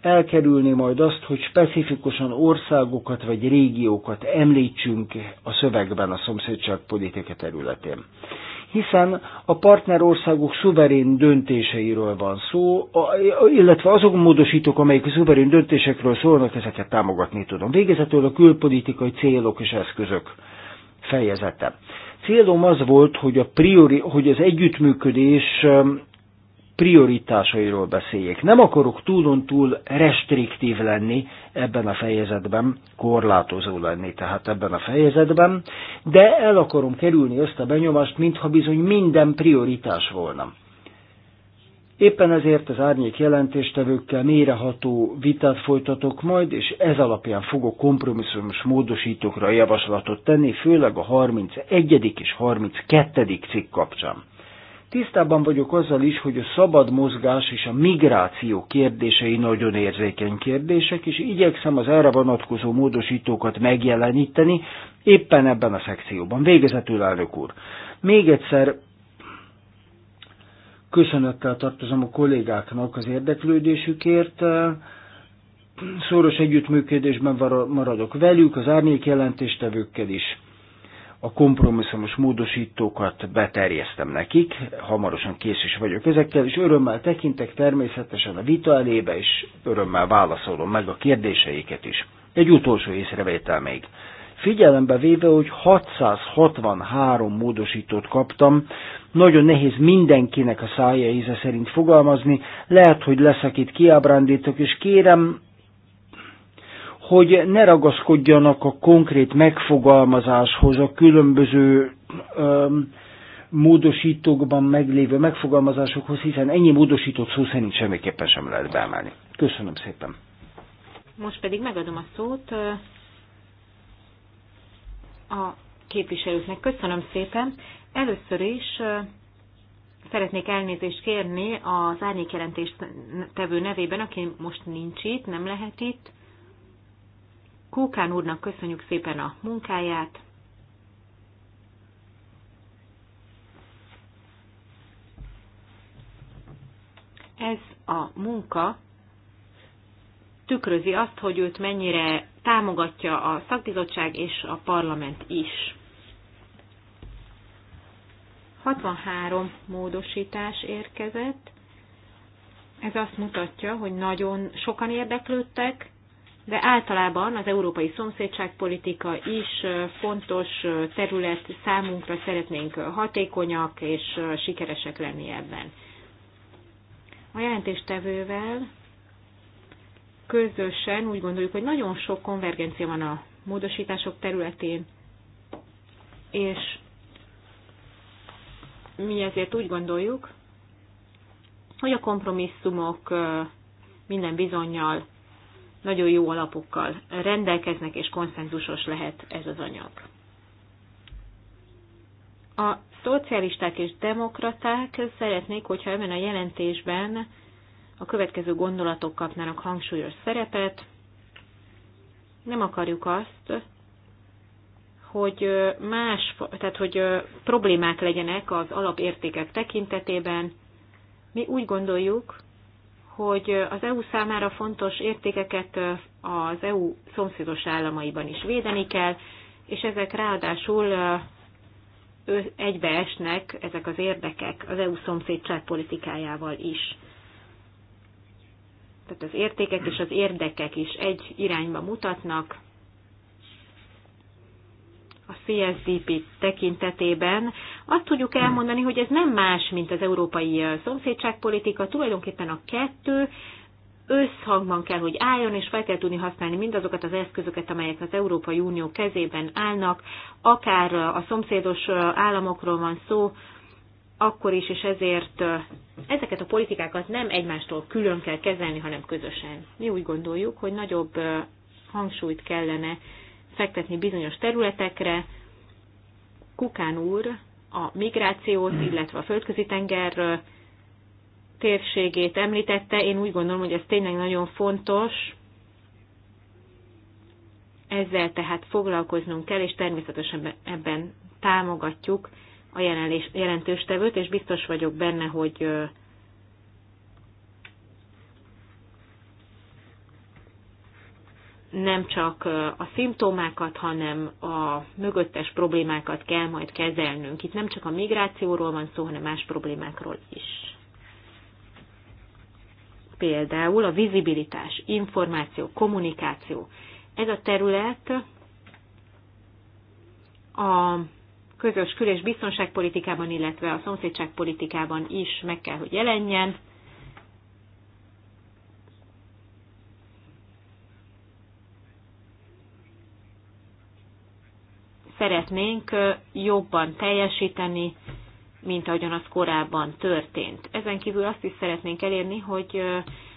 elkerülni majd azt, hogy specifikusan országokat vagy régiókat említsünk a szövegben a szomszédságpolitika területén hiszen a partnerországok szuverén döntéseiről van szó, illetve azok módosítók, amelyik a szuverén döntésekről szólnak, ezeket támogatni tudom. Végezetül a külpolitikai célok és eszközök fejezete. Célom az volt, hogy, a priori, hogy az együttműködés um, prioritásairól beszéljék. Nem akarok túlon-túl restriktív lenni ebben a fejezetben, korlátozó lenni tehát ebben a fejezetben, de el akarom kerülni azt a benyomást, mintha bizony minden prioritás volna. Éppen ezért az árnyék jelentéstevőkkel méreható vitát folytatok majd, és ez alapján fogok kompromisszumos módosítókra javaslatot tenni, főleg a 31. és 32. cikk kapcsán. Tisztában vagyok azzal is, hogy a szabad mozgás és a migráció kérdései nagyon érzékeny kérdések, és igyekszem az erre vonatkozó módosítókat megjeleníteni éppen ebben a szekcióban. Végezetül, elnök úr, még egyszer köszönettel tartozom a kollégáknak az érdeklődésükért, szoros együttműködésben maradok velük, az árnyék jelentéstevőkkel is a kompromisszumos módosítókat beterjesztem nekik, hamarosan kész is vagyok ezekkel, és örömmel tekintek természetesen a vita elébe, és örömmel válaszolom meg a kérdéseiket is. Egy utolsó észrevétel még. Figyelembe véve, hogy 663 módosítót kaptam, nagyon nehéz mindenkinek a szája íze szerint fogalmazni, lehet, hogy leszek itt kiábrándítok, és kérem, hogy ne ragaszkodjanak a konkrét megfogalmazáshoz, a különböző öm, módosítókban meglévő megfogalmazásokhoz, hiszen ennyi módosított szó szerint semmiképpen sem lehet beemelni. Köszönöm szépen. Most pedig megadom a szót a képviselőknek. Köszönöm szépen. Először is szeretnék elnézést kérni az árnyékjelentést tevő nevében, aki most nincs itt, nem lehet itt. Kókán úrnak köszönjük szépen a munkáját. Ez a munka tükrözi azt, hogy őt mennyire támogatja a szakbizottság és a parlament is. 63 módosítás érkezett. Ez azt mutatja, hogy nagyon sokan érdeklődtek de általában az európai szomszédságpolitika is fontos terület számunkra, szeretnénk hatékonyak és sikeresek lenni ebben. A jelentéstevővel közösen úgy gondoljuk, hogy nagyon sok konvergencia van a módosítások területén, és mi ezért úgy gondoljuk, hogy a kompromisszumok minden bizonyal nagyon jó alapokkal rendelkeznek, és konszenzusos lehet ez az anyag. A szocialisták és demokraták szeretnék, hogyha ebben a jelentésben a következő gondolatok kapnának hangsúlyos szerepet. Nem akarjuk azt, hogy más, tehát hogy problémák legyenek az alapértékek tekintetében. Mi úgy gondoljuk, hogy az EU számára fontos értékeket az EU szomszédos államaiban is védeni kell, és ezek ráadásul egybeesnek ezek az érdekek az EU szomszédság politikájával is. Tehát az értékek és az érdekek is egy irányba mutatnak, a CSDP tekintetében, azt tudjuk elmondani, hogy ez nem más, mint az európai szomszédságpolitika, tulajdonképpen a kettő összhangban kell, hogy álljon, és fel kell tudni használni mindazokat az eszközöket, amelyek az Európai Unió kezében állnak, akár a szomszédos államokról van szó, akkor is, és ezért ezeket a politikákat nem egymástól külön kell kezelni, hanem közösen. Mi úgy gondoljuk, hogy nagyobb hangsúlyt kellene fektetni bizonyos területekre. Kukán úr a migrációt, illetve a földközi tenger térségét említette. Én úgy gondolom, hogy ez tényleg nagyon fontos. Ezzel tehát foglalkoznunk kell, és természetesen ebben támogatjuk a jelentős tevőt, és biztos vagyok benne, hogy nem csak a szimptomákat, hanem a mögöttes problémákat kell majd kezelnünk. Itt nem csak a migrációról van szó, hanem más problémákról is. Például a vizibilitás, információ, kommunikáció. Ez a terület a közös kül- és biztonságpolitikában, illetve a szomszédságpolitikában is meg kell, hogy jelenjen szeretnénk jobban teljesíteni, mint ahogyan az korábban történt. Ezen kívül azt is szeretnénk elérni, hogy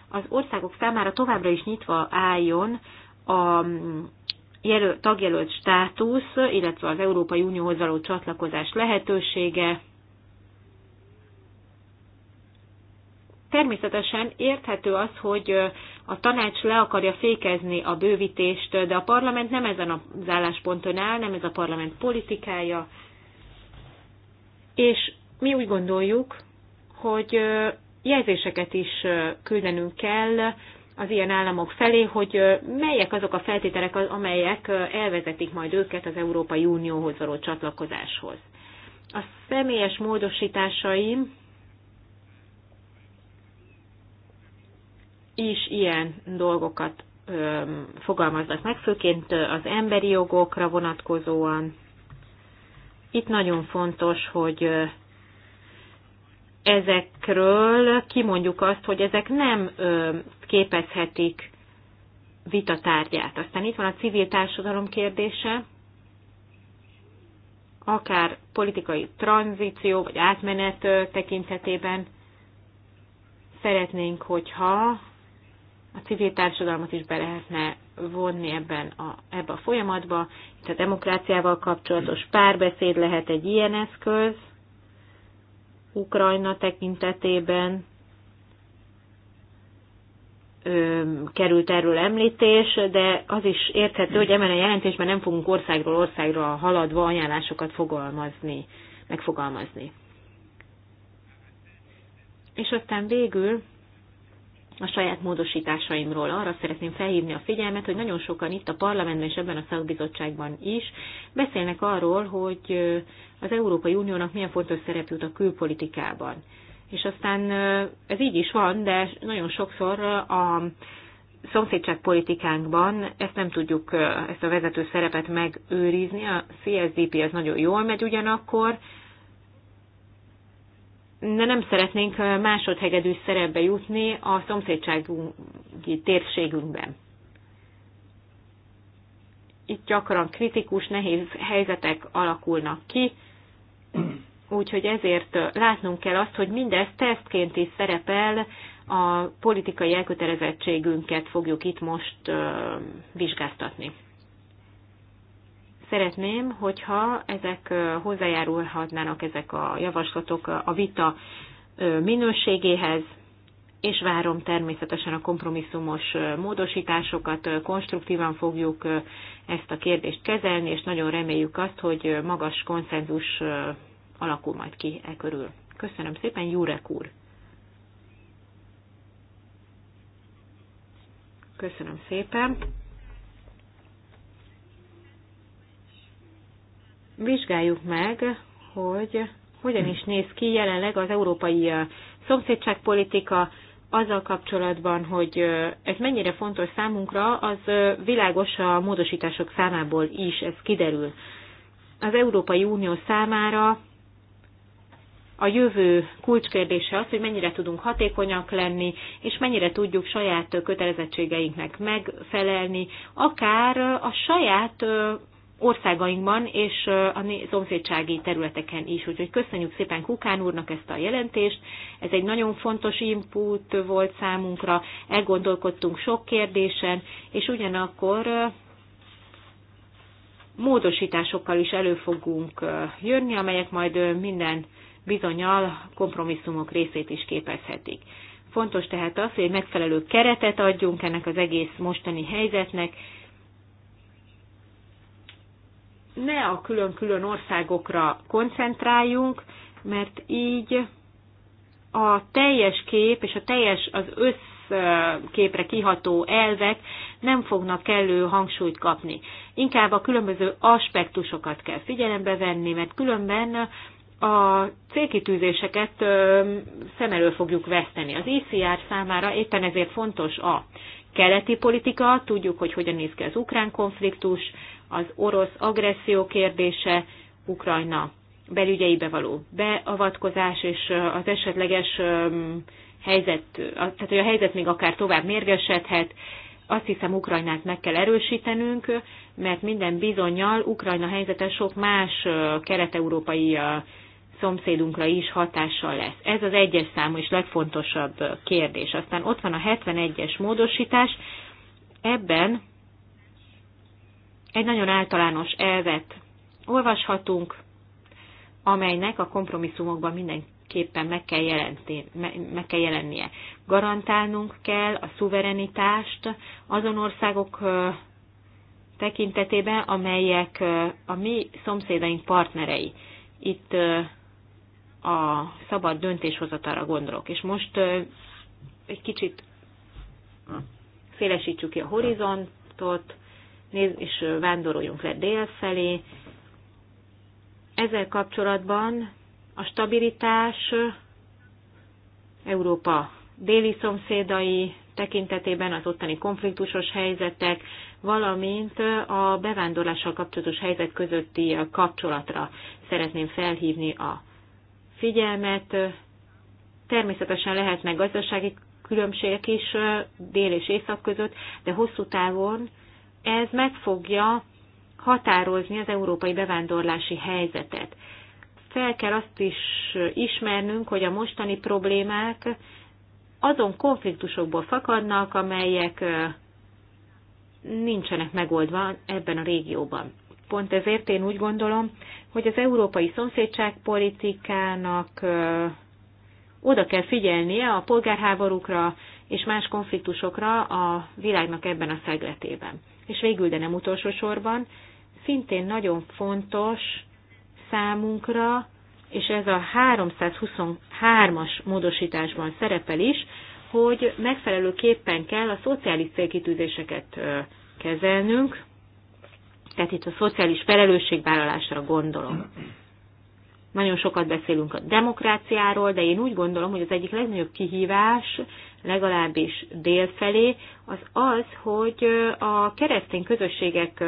az országok számára továbbra is nyitva álljon a mm, tagjelölt státusz, illetve az Európai Unióhoz való csatlakozás lehetősége. Természetesen érthető az, hogy a tanács le akarja fékezni a bővítést, de a parlament nem ezen az állásponton áll, nem ez a parlament politikája. És mi úgy gondoljuk, hogy jelzéseket is küldenünk kell az ilyen államok felé, hogy melyek azok a feltételek, amelyek elvezetik majd őket az Európai Unióhoz való csatlakozáshoz. A személyes módosításaim is ilyen dolgokat fogalmaznak meg, főként az emberi jogokra vonatkozóan. Itt nagyon fontos, hogy ezekről kimondjuk azt, hogy ezek nem képezhetik vitatárgyát. Aztán itt van a civil társadalom kérdése, akár politikai tranzíció vagy átmenet tekintetében szeretnénk, hogyha a civil társadalmat is be lehetne vonni ebben a, ebbe a folyamatba. Itt a demokráciával kapcsolatos párbeszéd lehet egy ilyen eszköz Ukrajna tekintetében. Ö, került erről említés, de az is érthető, hogy ebben a jelentésben nem fogunk országról országra haladva ajánlásokat fogalmazni, megfogalmazni. És aztán végül a saját módosításaimról. Arra szeretném felhívni a figyelmet, hogy nagyon sokan itt a parlamentben és ebben a szakbizottságban is beszélnek arról, hogy az Európai Uniónak milyen fontos szerep jut a külpolitikában. És aztán ez így is van, de nagyon sokszor a szomszédságpolitikánkban ezt nem tudjuk, ezt a vezető szerepet megőrizni. A CSDP az nagyon jól megy ugyanakkor, de nem szeretnénk másodhegedű szerepbe jutni a szomszédsági térségünkben. Itt gyakran kritikus, nehéz helyzetek alakulnak ki, úgyhogy ezért látnunk kell azt, hogy mindez tesztként is szerepel, a politikai elkötelezettségünket fogjuk itt most vizsgáztatni. Szeretném, hogyha ezek hozzájárulhatnának ezek a javaslatok a vita minőségéhez, és várom természetesen a kompromisszumos módosításokat, konstruktívan fogjuk ezt a kérdést kezelni, és nagyon reméljük azt, hogy magas konszenzus alakul majd ki e körül. Köszönöm szépen, Jurek úr! Köszönöm szépen! vizsgáljuk meg, hogy hogyan is néz ki jelenleg az európai szomszédságpolitika azzal kapcsolatban, hogy ez mennyire fontos számunkra, az világos a módosítások számából is, ez kiderül. Az Európai Unió számára a jövő kulcskérdése az, hogy mennyire tudunk hatékonyak lenni, és mennyire tudjuk saját kötelezettségeinknek megfelelni, akár a saját országainkban és a szomszédsági területeken is. Úgyhogy köszönjük szépen Kukán úrnak ezt a jelentést. Ez egy nagyon fontos input volt számunkra, elgondolkodtunk sok kérdésen, és ugyanakkor módosításokkal is elő fogunk jönni, amelyek majd minden bizonyal kompromisszumok részét is képezhetik. Fontos tehát az, hogy megfelelő keretet adjunk ennek az egész mostani helyzetnek, ne a külön-külön országokra koncentráljunk, mert így a teljes kép és a teljes az összképre kiható elvek nem fognak kellő hangsúlyt kapni. Inkább a különböző aspektusokat kell figyelembe venni, mert különben a célkitűzéseket szem elől fogjuk veszteni. Az ICR számára éppen ezért fontos a keleti politika, tudjuk, hogy hogyan néz ki az ukrán konfliktus, az orosz agresszió kérdése, Ukrajna belügyeibe való beavatkozás és az esetleges helyzet, tehát hogy a helyzet még akár tovább mérgesedhet, azt hiszem Ukrajnát meg kell erősítenünk, mert minden bizonyal Ukrajna helyzete sok más kelet-európai szomszédunkra is hatással lesz. Ez az egyes számú és legfontosabb kérdés. Aztán ott van a 71-es módosítás. Ebben egy nagyon általános elvet olvashatunk, amelynek a kompromisszumokban mindenképpen meg kell, jelenti, meg kell jelennie. Garantálnunk kell a szuverenitást azon országok tekintetében, amelyek a mi szomszédaink partnerei. Itt a szabad döntéshozatára gondolok. És most egy kicsit hm, szélesítsük ki a horizontot, és vándoroljunk le dél felé. Ezzel kapcsolatban a stabilitás Európa déli szomszédai tekintetében az ottani konfliktusos helyzetek, valamint a bevándorlással kapcsolatos helyzet közötti kapcsolatra szeretném felhívni a figyelmet. Természetesen lehetnek gazdasági különbségek is dél és észak között, de hosszú távon ez meg fogja határozni az európai bevándorlási helyzetet. Fel kell azt is ismernünk, hogy a mostani problémák azon konfliktusokból fakadnak, amelyek nincsenek megoldva ebben a régióban. Pont ezért én úgy gondolom, hogy az európai szomszédságpolitikának oda kell figyelnie a polgárháborúkra, és más konfliktusokra a világnak ebben a szegletében. És végül, de nem utolsó sorban, szintén nagyon fontos számunkra, és ez a 323-as módosításban szerepel is, hogy megfelelőképpen kell a szociális célkitűzéseket kezelnünk, tehát itt a szociális felelősségvállalásra gondolom. Nagyon sokat beszélünk a demokráciáról, de én úgy gondolom, hogy az egyik legnagyobb kihívás legalábbis dél felé, az az, hogy a keresztény közösségek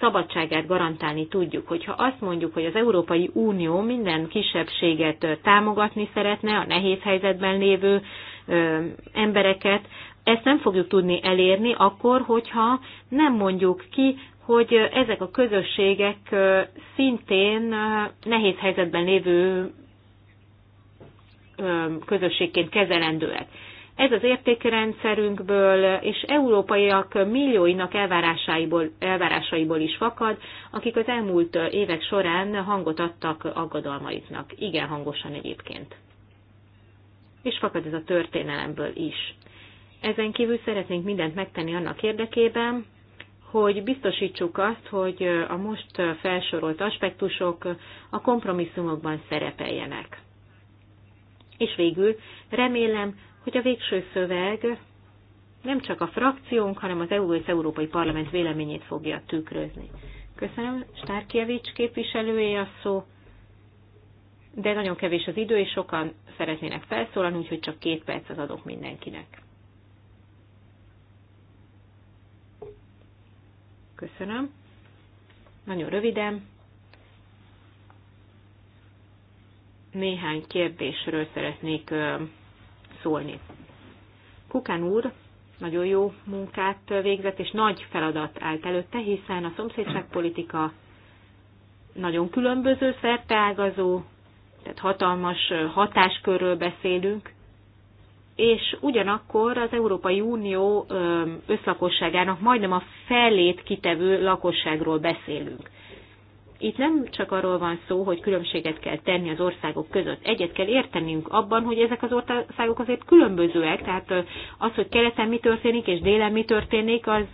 szabadságát garantálni tudjuk. Hogyha azt mondjuk, hogy az Európai Unió minden kisebbséget támogatni szeretne, a nehéz helyzetben lévő embereket, ezt nem fogjuk tudni elérni akkor, hogyha nem mondjuk ki, hogy ezek a közösségek szintén nehéz helyzetben lévő közösségként kezelendőek. Ez az értékrendszerünkből és európaiak millióinak elvárásaiból, elvárásaiból is fakad, akik az elmúlt évek során hangot adtak aggodalmaiknak, igen hangosan egyébként. És fakad ez a történelemből is. Ezen kívül szeretnénk mindent megtenni annak érdekében, hogy biztosítsuk azt, hogy a most felsorolt aspektusok a kompromisszumokban szerepeljenek. És végül remélem, hogy a végső szöveg nem csak a frakciónk, hanem az EU és Európai Parlament véleményét fogja tükrözni. Köszönöm, Stárkiewicz képviselője a szó, de nagyon kevés az idő, és sokan szeretnének felszólalni, úgyhogy csak két percet adok mindenkinek. Köszönöm. Nagyon röviden. Néhány kérdésről szeretnék szólni. Kukán úr nagyon jó munkát végzett, és nagy feladat állt előtte, hiszen a szomszédságpolitika nagyon különböző, szerteágazó, tehát hatalmas hatáskörről beszélünk, és ugyanakkor az Európai Unió összlakosságának majdnem a felét kitevő lakosságról beszélünk. Itt nem csak arról van szó, hogy különbséget kell tenni az országok között. Egyet kell értenünk abban, hogy ezek az országok azért különbözőek, tehát az, hogy keleten mi történik és délen mi történik, az,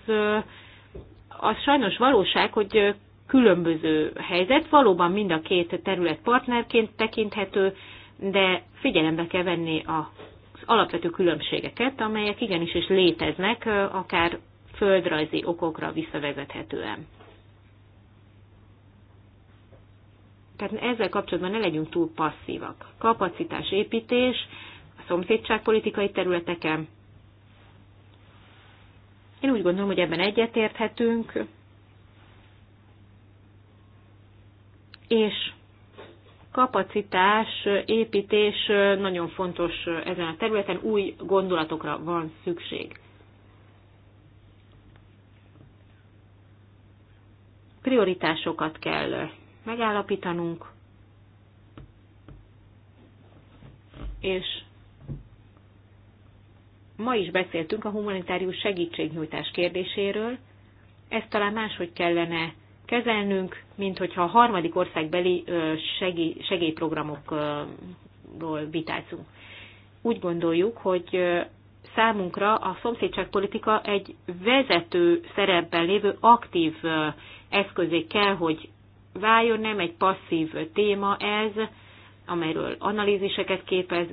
az sajnos valóság, hogy különböző helyzet. Valóban mind a két terület partnerként tekinthető, de figyelembe kell venni az alapvető különbségeket, amelyek igenis is léteznek, akár földrajzi okokra visszavezethetően. Tehát ezzel kapcsolatban ne legyünk túl passzívak. Kapacitásépítés a szomszédságpolitikai területeken. Én úgy gondolom, hogy ebben egyetérthetünk, és kapacitás építés nagyon fontos ezen a területen, új gondolatokra van szükség. Prioritásokat kell megállapítanunk, és ma is beszéltünk a humanitárius segítségnyújtás kérdéséről, ezt talán máshogy kellene kezelnünk, mint hogyha a harmadik országbeli segélyprogramokról vitázunk. Úgy gondoljuk, hogy számunkra a szomszédságpolitika egy vezető szerepben lévő aktív eszközé kell, hogy váljon, nem egy passzív téma ez, amelyről analíziseket, képez,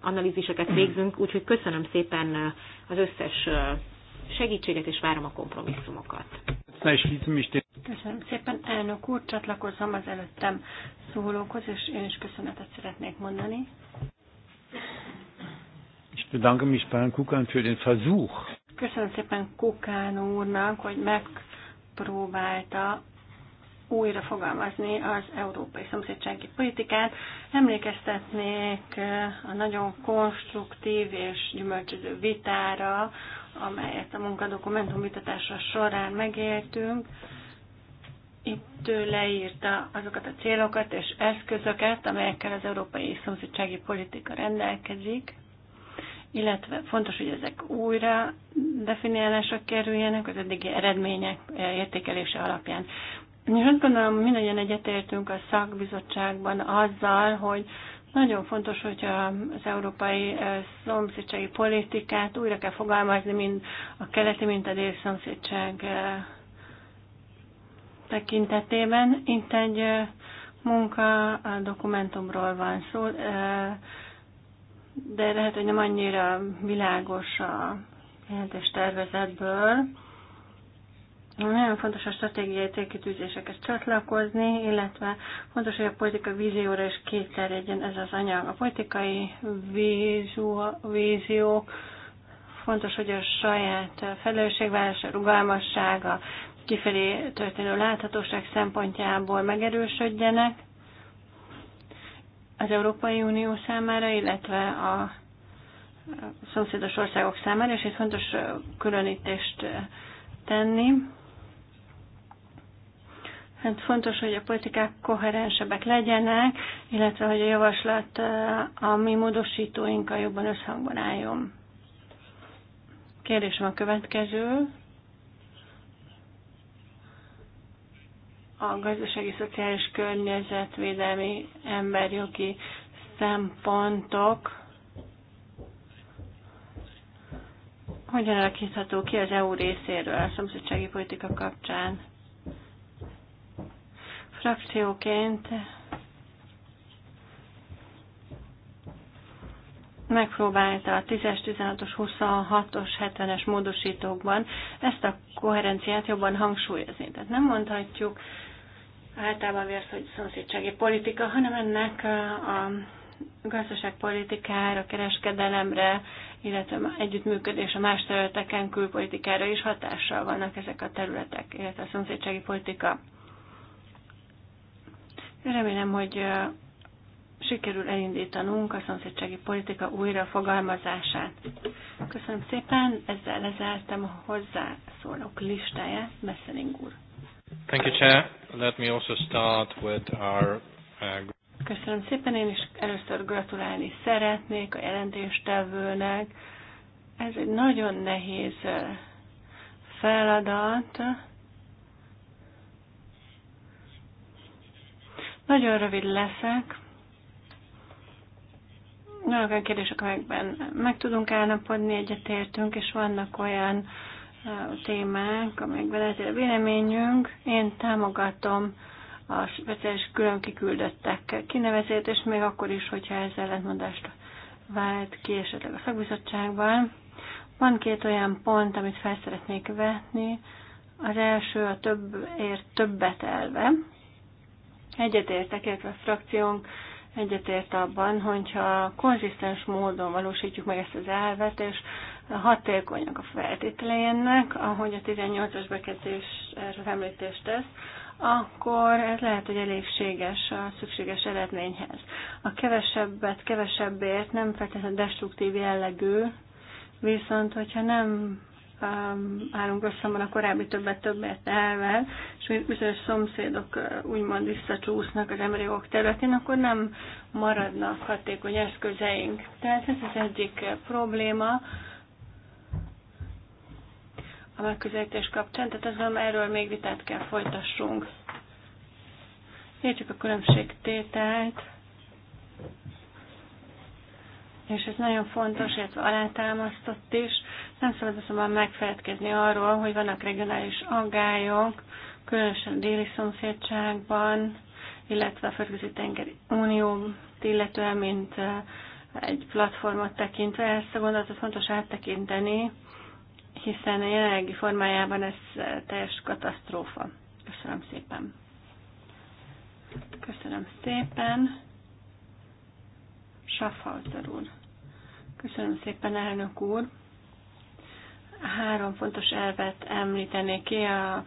analíziseket végzünk, úgyhogy köszönöm szépen az összes segítséget, és várom a kompromisszumokat. Köszönöm szépen, elnök úr, csatlakozom az előttem szólókhoz, és én is köszönetet szeretnék mondani. Köszönöm szépen Kukán úrnak, hogy megpróbálta újra fogalmazni az európai szomszédsági politikát. Emlékeztetnék eh, a nagyon konstruktív és gyümölcsöző vitára, amelyet a munkadokumentum vitatása során megéltünk. Itt ő leírta azokat a célokat és eszközöket, amelyekkel az európai szomszédsági politika rendelkezik, illetve fontos, hogy ezek újra definiálásra kerüljenek az eddigi eredmények eh, értékelése alapján. És azt gondolom, mindannyian egyetértünk a szakbizottságban azzal, hogy nagyon fontos, hogy az európai eh, szomszédsági politikát újra kell fogalmazni, mind a keleti, mint a déli szomszédság eh, tekintetében. Itt egy eh, munka dokumentumról van szó, de lehet, hogy nem annyira világos a jelentés tervezetből. Nagyon fontos a stratégiai célkitűzésekhez csatlakozni, illetve fontos, hogy a politika vízióra is kiterjedjen ez az anyag. A politikai vízió fontos, hogy a saját felelősségvállalás, a rugalmasság, kifelé történő láthatóság szempontjából megerősödjenek az Európai Unió számára, illetve a szomszédos országok számára, és itt fontos különítést tenni. Hát fontos, hogy a politikák koherensebbek legyenek, illetve hogy a javaslat eh, a mi módosítóinkkal jobban összhangban álljon. Kérdésem a következő. A gazdasági, szociális környezetvédelmi emberjogi szempontok hogyan alakítható ki az EU részéről a szomszédsági politika kapcsán? Frakcióként megpróbálta a 10-es, 16-os, 26-os, 70-es módosítókban ezt a koherenciát jobban hangsúlyozni. Tehát nem mondhatjuk általában vért, hogy szomszédsági politika, hanem ennek a gazdaságpolitikára, kereskedelemre, illetve együttműködés a más területeken, külpolitikára is hatással vannak ezek a területek, illetve a szomszédsági politika. Remélem, hogy sikerül elindítanunk a szomszédsági politika újra fogalmazását. Köszönöm szépen, ezzel lezártam a hozzászólók listáját, Messzening úr. Thank you, Chair. Let me also start with our uh, Köszönöm szépen, én is először gratulálni szeretnék a jelentéstevőnek. Ez egy nagyon nehéz feladat, Nagyon rövid leszek. Nagyon olyan kérdések, amelyekben meg tudunk állapodni, egyetértünk, és vannak olyan témák, amelyekben lehet a véleményünk. Én támogatom a speciális külön kiküldöttek kinevezét, és még akkor is, hogyha ez ellentmondást vált ki esetleg a szakbizottságban. Van két olyan pont, amit fel szeretnék vetni. Az első a több ér többet elve. Egyetértek, illetve a frakciónk egyetért abban, hogyha konzisztens módon valósítjuk meg ezt az elvet, és hatékonyak a feltételei ennek, ahogy a 18-as bekezdés erről említést tesz, akkor ez lehet, hogy elégséges a szükséges eredményhez. A kevesebbet kevesebbért nem feltétlenül destruktív jellegű, viszont hogyha nem Um, állunk összemben a korábbi többet többet elvel, és bizonyos szomszédok uh, úgymond visszacsúsznak az emberi jogok területén, akkor nem maradnak hatékony eszközeink. Tehát ez az egyik uh, probléma a megközelítés kapcsán, tehát azon erről még vitát kell folytassunk. Értjük a különbségtételt és ez nagyon fontos, illetve alátámasztott is. Nem szabad azonban megfeledkezni arról, hogy vannak regionális aggályok, különösen a déli szomszédságban, illetve a Földközi Tengeri Unió, illetően, mint egy platformot tekintve. Ezt a gondolatot fontos áttekinteni, hiszen a jelenlegi formájában ez teljes katasztrófa. Köszönöm szépen. Köszönöm szépen. Schaffhauser úr. Köszönöm szépen, elnök úr. Három fontos elvet említenék ki a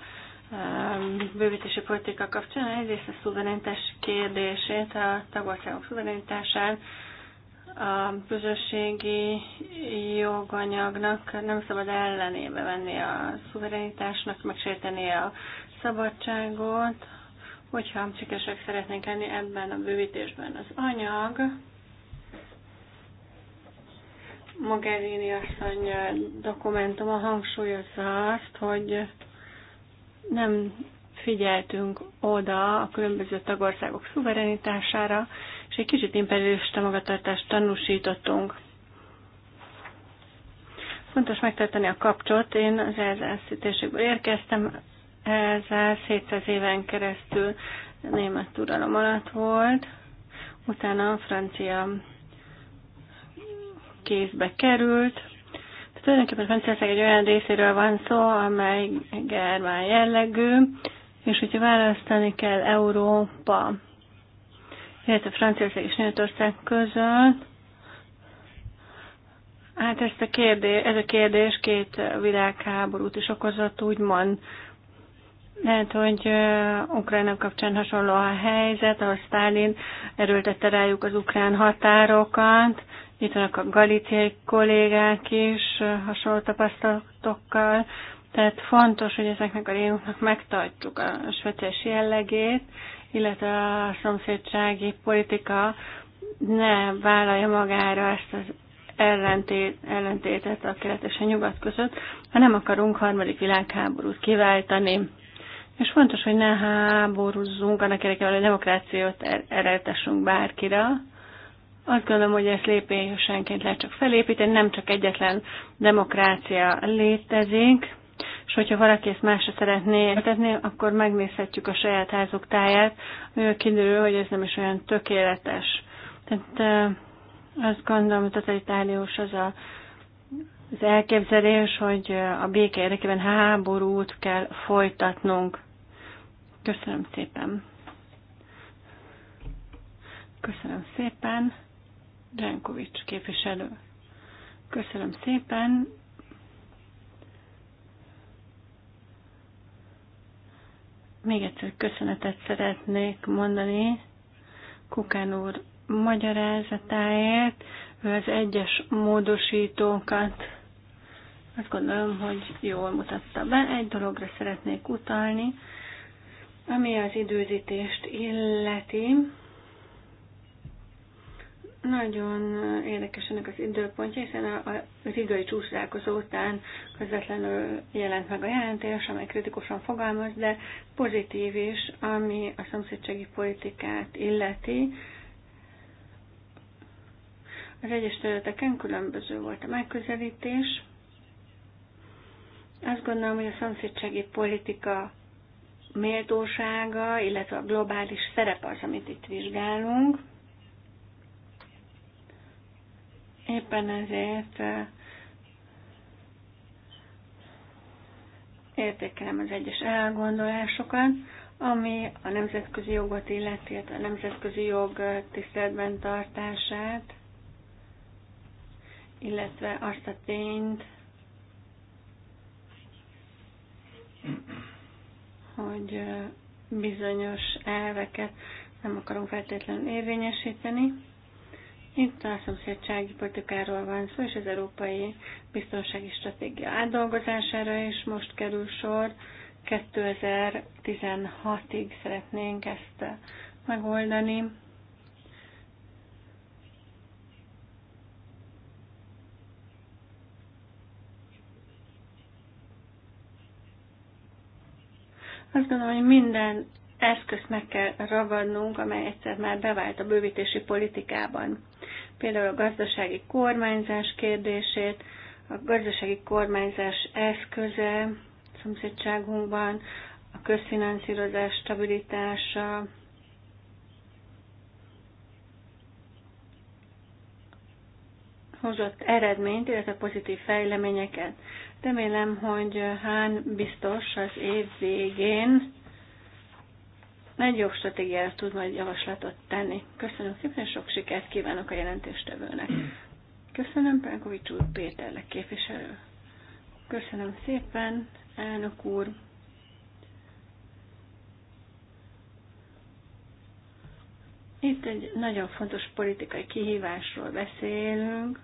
bővítési politika kapcsán. Egyrészt a szuverenitás kérdését, a tagországok szuverenitásán, a közösségi joganyagnak nem szabad ellenébe venni a szuverenitásnak, megsérteni a szabadságot, hogyha sikeresek szeretnénk lenni ebben a bővítésben. Az anyag Mogherini asszony dokumentuma hangsúlyozza azt, hogy nem figyeltünk oda a különböző tagországok szuverenitására, és egy kicsit imperialista magatartást tanúsítottunk. Fontos megtartani a kapcsot. Én az Elzász érkeztem, Ez 700 éven keresztül német uralom alatt volt, utána a francia kézbe került. Tehát tulajdonképpen Franciaország egy olyan részéről van szó, amely germán jellegű, és hogyha választani kell Európa, illetve Franciaország és Németország között, Hát ezt a kérdés, ez a kérdés két világháborút is okozott, úgymond. Lehet, hogy Ukrajna kapcsán hasonló a helyzet, ahol Stalin erőltette rájuk az ukrán határokat, itt vannak a galiciai kollégák is hasonló tapasztalatokkal, tehát fontos, hogy ezeknek a régóknak megtartjuk a speciális jellegét, illetve a szomszédsági politika ne vállalja magára ezt az ellentét, ellentétet a kelet és a nyugat között, ha nem akarunk harmadik világháborút kiváltani. És fontos, hogy ne háborúzzunk annak érdekében, hogy a demokrációt er- eredetessünk bárkira, azt gondolom, hogy ezt lépésenként lehet csak felépíteni, nem csak egyetlen demokrácia létezik, és hogyha valaki ezt másra szeretné értetni, akkor megnézhetjük a saját házuk táját, hogy kiderül, hogy ez nem is olyan tökéletes. Tehát azt gondolom, hogy totalitárius az a, az elképzelés, hogy a béke érdekében háborút kell folytatnunk. Köszönöm szépen. Köszönöm szépen. Renkovics képviselő. Köszönöm szépen. Még egyszer köszönetet szeretnék mondani Kukán úr magyarázatáért. Ő az egyes módosítókat azt gondolom, hogy jól mutatta be. Egy dologra szeretnék utalni, ami az időzítést illeti. Nagyon eh, érdekes ennek az időpontja, hiszen az idei csúszálkozó után közvetlenül jelent meg a jelentés, amely kritikusan fogalmaz, de pozitív is, ami a szomszédsági politikát illeti. Az egyes területeken különböző volt a megközelítés. Azt gondolom, hogy a szomszédsági politika méltósága, illetve a globális szerep az, amit itt vizsgálunk. Éppen ezért értékelem az egyes elgondolásokat, ami a nemzetközi jogot illeti, a nemzetközi jog tiszteletben tartását, illetve azt a tényt, hogy bizonyos elveket nem akarunk feltétlenül érvényesíteni. Itt a szomszédsági politikáról van szó, és az európai biztonsági stratégia átdolgozására is most kerül sor. 2016-ig szeretnénk ezt megoldani. Azt gondolom, hogy minden eszközt meg kell ragadnunk, amely egyszer már bevált a bővítési politikában például a gazdasági kormányzás kérdését, a gazdasági kormányzás eszköze szomszédságunkban, a közfinanszírozás stabilitása, hozott eredményt, illetve pozitív fejleményeket. Remélem, hogy Hán biztos az év végén egy jobb stratégiára tud majd javaslatot tenni. Köszönöm szépen, és sok sikert kívánok a jelentéstevőnek. Köszönöm, Pánkovics úr Péternek képviselő. Köszönöm szépen, elnök úr. Itt egy nagyon fontos politikai kihívásról beszélünk.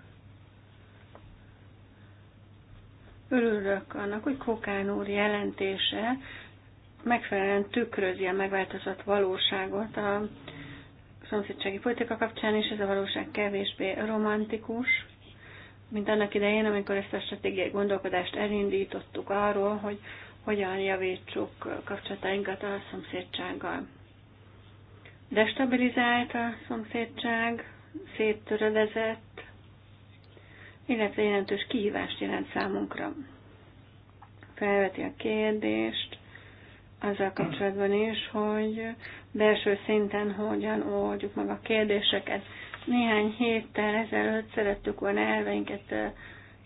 Örülök annak, hogy Kokán úr jelentése megfelelően tükrözi a megváltozott valóságot a szomszédsági politika kapcsán, és ez a valóság kevésbé romantikus, mint annak idején, amikor ezt a stratégiai gondolkodást elindítottuk arról, hogy hogyan javítsuk kapcsolatainkat a szomszédsággal. Destabilizált a szomszédság, széttöredezett, illetve jelentős kihívást jelent számunkra. Felveti a kérdést, azzal kapcsolatban is, hogy belső szinten hogyan oldjuk meg a kérdéseket. Néhány héttel ezelőtt szerettük volna elveinket,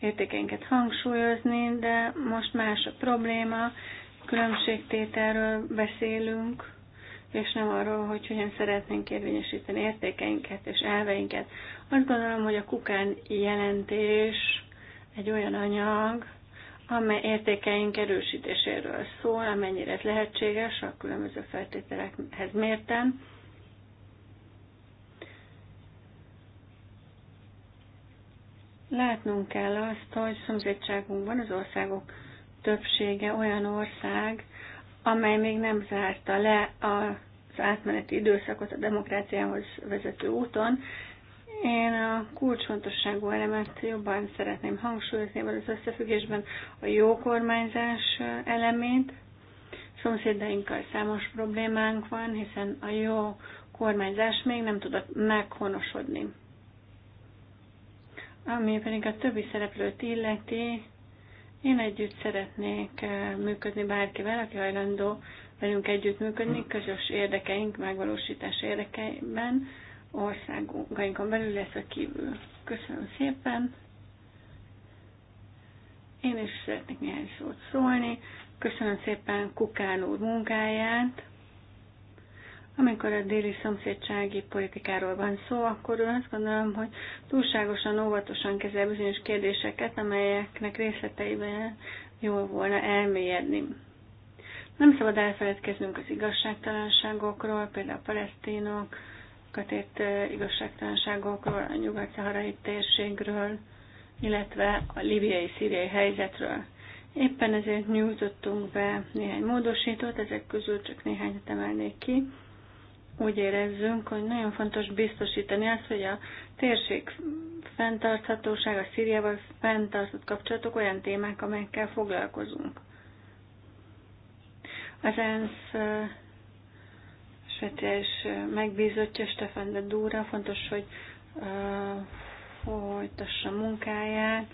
értékeinket hangsúlyozni, de most más a probléma, különbségtételről beszélünk, és nem arról, hogy hogyan szeretnénk érvényesíteni értékeinket és elveinket. Azt gondolom, hogy a kukán jelentés egy olyan anyag, amely értékeink erősítéséről szól, amennyire ez lehetséges a különböző feltételekhez mérten. Látnunk kell azt, hogy szomszédságunkban az országok többsége olyan ország, amely még nem zárta le az átmeneti időszakot a demokráciához vezető úton, én a kulcsfontosságú elemet jobban szeretném hangsúlyozni ebben az összefüggésben a jó kormányzás elemét. Szomszédainkkal számos problémánk van, hiszen a jó kormányzás még nem tudott meghonosodni. Ami pedig a többi szereplőt illeti, én együtt szeretnék eh, működni bárkivel, aki hajlandó velünk működni, közös érdekeink megvalósítás érdekeiben országunkon belül, illetve kívül. Köszönöm szépen! Én is szeretnék néhány szót szólni. Köszönöm szépen Kukán úr munkáját. Amikor a déli szomszédsági politikáról van szó, akkor én azt gondolom, hogy túlságosan óvatosan kezel bizonyos kérdéseket, amelyeknek részleteiben jól volna elmélyedni. Nem szabad elfeledkeznünk az igazságtalanságokról, például a palesztinok, kötét igazságtalanságokról, a nyugat-szaharai térségről, illetve a libiai-szíriai helyzetről. Éppen ezért nyújtottunk be néhány módosítót, ezek közül csak néhányat emelnék ki. Úgy érezzünk, hogy nagyon fontos biztosítani azt, hogy a térség fenntarthatóság, a Szíriával fenntartott kapcsolatok olyan témák, amelyekkel foglalkozunk. Az ENSZ speciális megbízottja Stefan de Dúra, fontos, hogy uh, folytassa munkáját,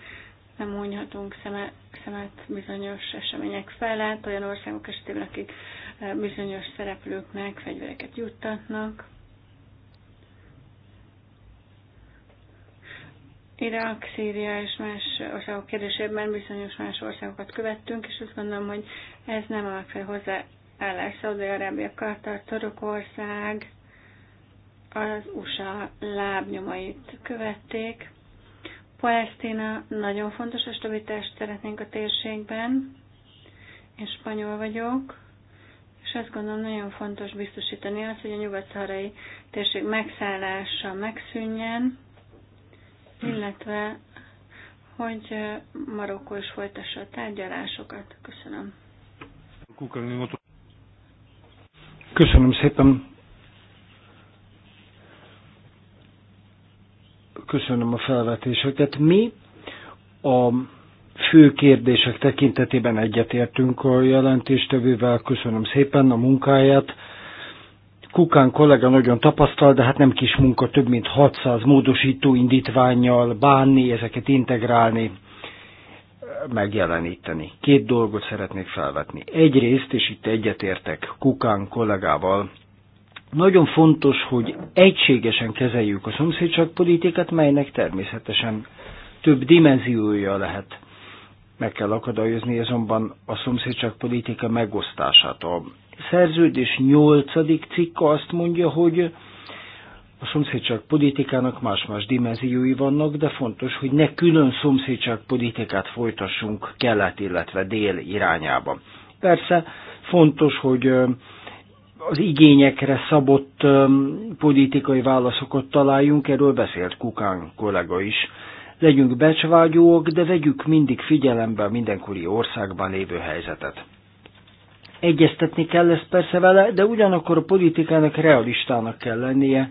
nem mondhatunk szemet, szemet bizonyos események felett, olyan országok esetében, akik bizonyos szereplőknek fegyvereket juttatnak. Irak, Szíria és más országok kérdésében bizonyos más országokat követtünk, és azt gondolom, hogy ez nem a megfelelő állás Szaudi-Arábia, Katar, Törökország, az USA lábnyomait követték. Palesztina nagyon fontos, a stabilitást szeretnénk a térségben. Én spanyol vagyok, és azt gondolom nagyon fontos biztosítani azt, hogy a nyugat-szaharai térség megszállása megszűnjen, illetve hogy Marokkó is folytassa a tárgyalásokat. Köszönöm. Köszönöm szépen. Köszönöm a felvetéseket. Mi a fő kérdések tekintetében egyetértünk a jelentéstevővel. Köszönöm szépen a munkáját. Kukán kollega nagyon tapasztal, de hát nem kis munka, több mint 600 módosító indítványjal bánni, ezeket integrálni megjeleníteni. Két dolgot szeretnék felvetni. Egyrészt, és itt egyetértek Kukán kollégával, nagyon fontos, hogy egységesen kezeljük a szomszédságpolitikát, melynek természetesen több dimenziója lehet. Meg kell akadályozni azonban a szomszédságpolitika megosztását. A szerződés nyolcadik cikka azt mondja, hogy a szomszédság politikának más-más dimenziói vannak, de fontos, hogy ne külön szomszédság politikát folytassunk kelet, illetve dél irányába. Persze fontos, hogy az igényekre szabott politikai válaszokat találjunk, erről beszélt Kukán kollega is. Legyünk becsvágyóak, de vegyük mindig figyelembe a mindenkori országban lévő helyzetet. Egyeztetni kell ezt persze vele, de ugyanakkor a politikának realistának kell lennie,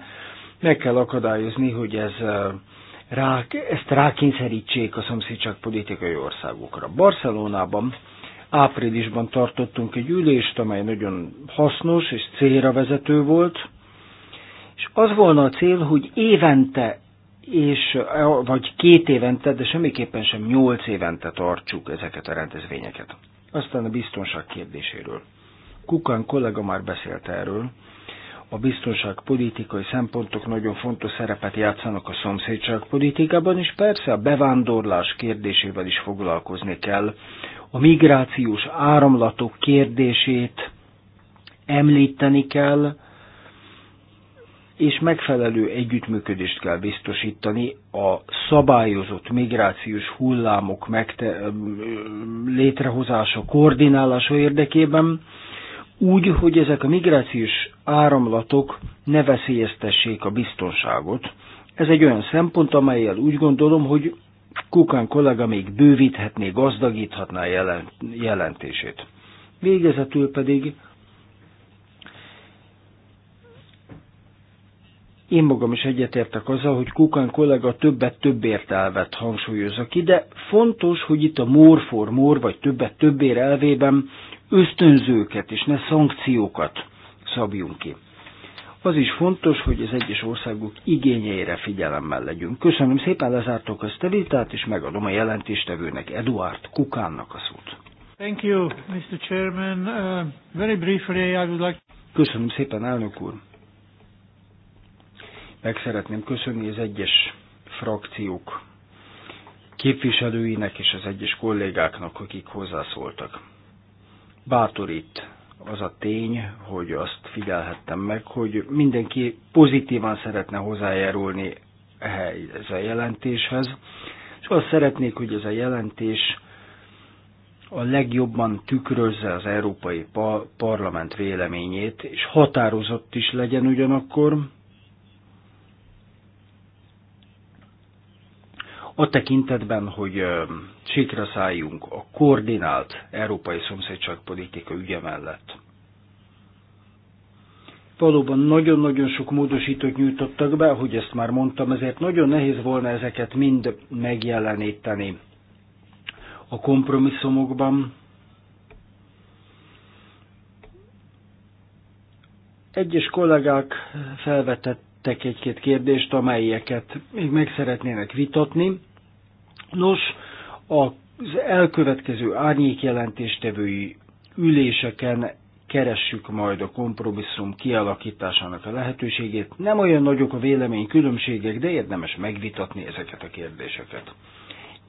meg kell akadályozni, hogy ez rá, ezt rákényszerítsék a szomszédság politikai országokra. Barcelonában áprilisban tartottunk egy ülést, amely nagyon hasznos és célra vezető volt, és az volna a cél, hogy évente és, vagy két évente, de semmiképpen sem nyolc évente tartsuk ezeket a rendezvényeket. Aztán a biztonság kérdéséről. Kukán kollega már beszélt erről, a biztonságpolitikai szempontok nagyon fontos szerepet játszanak a szomszédságpolitikában, és persze a bevándorlás kérdésével is foglalkozni kell. A migrációs áramlatok kérdését említeni kell, és megfelelő együttműködést kell biztosítani a szabályozott migrációs hullámok megte- létrehozása, koordinálása érdekében, úgy, hogy ezek a migrációs áramlatok ne veszélyeztessék a biztonságot. Ez egy olyan szempont, amelyel úgy gondolom, hogy Kukán kollega még bővíthetné, gazdagíthatná jelentését. Végezetül pedig Én magam is egyetértek azzal, hogy Kukán kollega többet többért elvet hangsúlyozza ki, de fontos, hogy itt a more for more, vagy többet többért elvében ösztönzőket és ne szankciókat szabjunk ki. Az is fontos, hogy az egyes országok igényeire figyelemmel legyünk. Köszönöm szépen, lezártok ezt a vitát, és megadom a jelentéstevőnek, Eduard Kukánnak a szót. Thank you, Mr. Chairman. Uh, very briefly, I would like... Köszönöm szépen, elnök úr. Meg szeretném köszönni az egyes frakciók képviselőinek és az egyes kollégáknak, akik hozzászóltak. Bátorít az a tény, hogy azt figyelhettem meg, hogy mindenki pozitívan szeretne hozzájárulni ehhez a jelentéshez, és azt szeretnék, hogy ez a jelentés a legjobban tükrözze az Európai Parlament véleményét, és határozott is legyen ugyanakkor, a tekintetben, hogy sikra szálljunk a koordinált európai szomszédságpolitika ügye mellett. Valóban nagyon-nagyon sok módosítót nyújtottak be, hogy ezt már mondtam, ezért nagyon nehéz volna ezeket mind megjeleníteni a kompromisszumokban. Egyes kollégák felvetett feltettek egy-két kérdést, amelyeket még meg szeretnének vitatni. Nos, az elkövetkező árnyék jelentéstevői üléseken keressük majd a kompromisszum kialakításának a lehetőségét. Nem olyan nagyok a vélemény különbségek, de érdemes megvitatni ezeket a kérdéseket.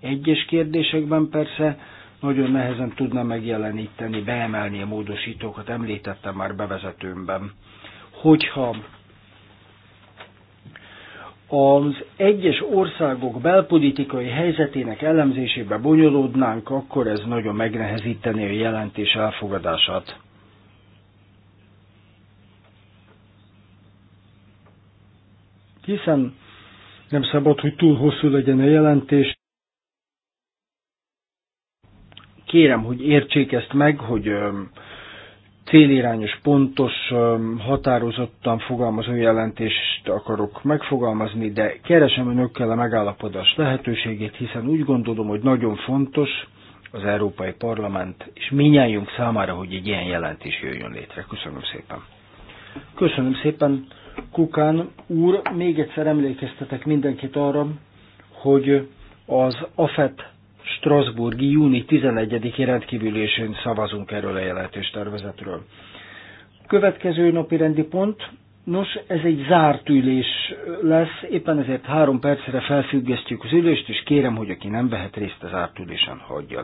Egyes kérdésekben persze nagyon nehezen tudna megjeleníteni, beemelni a módosítókat, említettem már bevezetőmben. Hogyha az egyes országok belpolitikai helyzetének elemzésébe bonyolódnánk, akkor ez nagyon megnehezítené a jelentés elfogadását. Hiszen nem szabad, hogy túl hosszú legyen a jelentés. Kérem, hogy értsék ezt meg, hogy célirányos, pontos, határozottan fogalmazó jelentést akarok megfogalmazni, de keresem önökkel a megállapodás lehetőségét, hiszen úgy gondolom, hogy nagyon fontos az Európai Parlament, és minnyájunk számára, hogy egy ilyen jelentés jöjjön létre. Köszönöm szépen. Köszönöm szépen, Kukán úr. Még egyszer emlékeztetek mindenkit arra, hogy az AFET Strasburgi júni 11-i rendkívülésén szavazunk erről a tervezetről. Következő napi rendi pont, nos, ez egy zárt ülés lesz, éppen ezért három percre felfüggesztjük az ülést, és kérem, hogy aki nem vehet részt az zárt ülésen, hagyja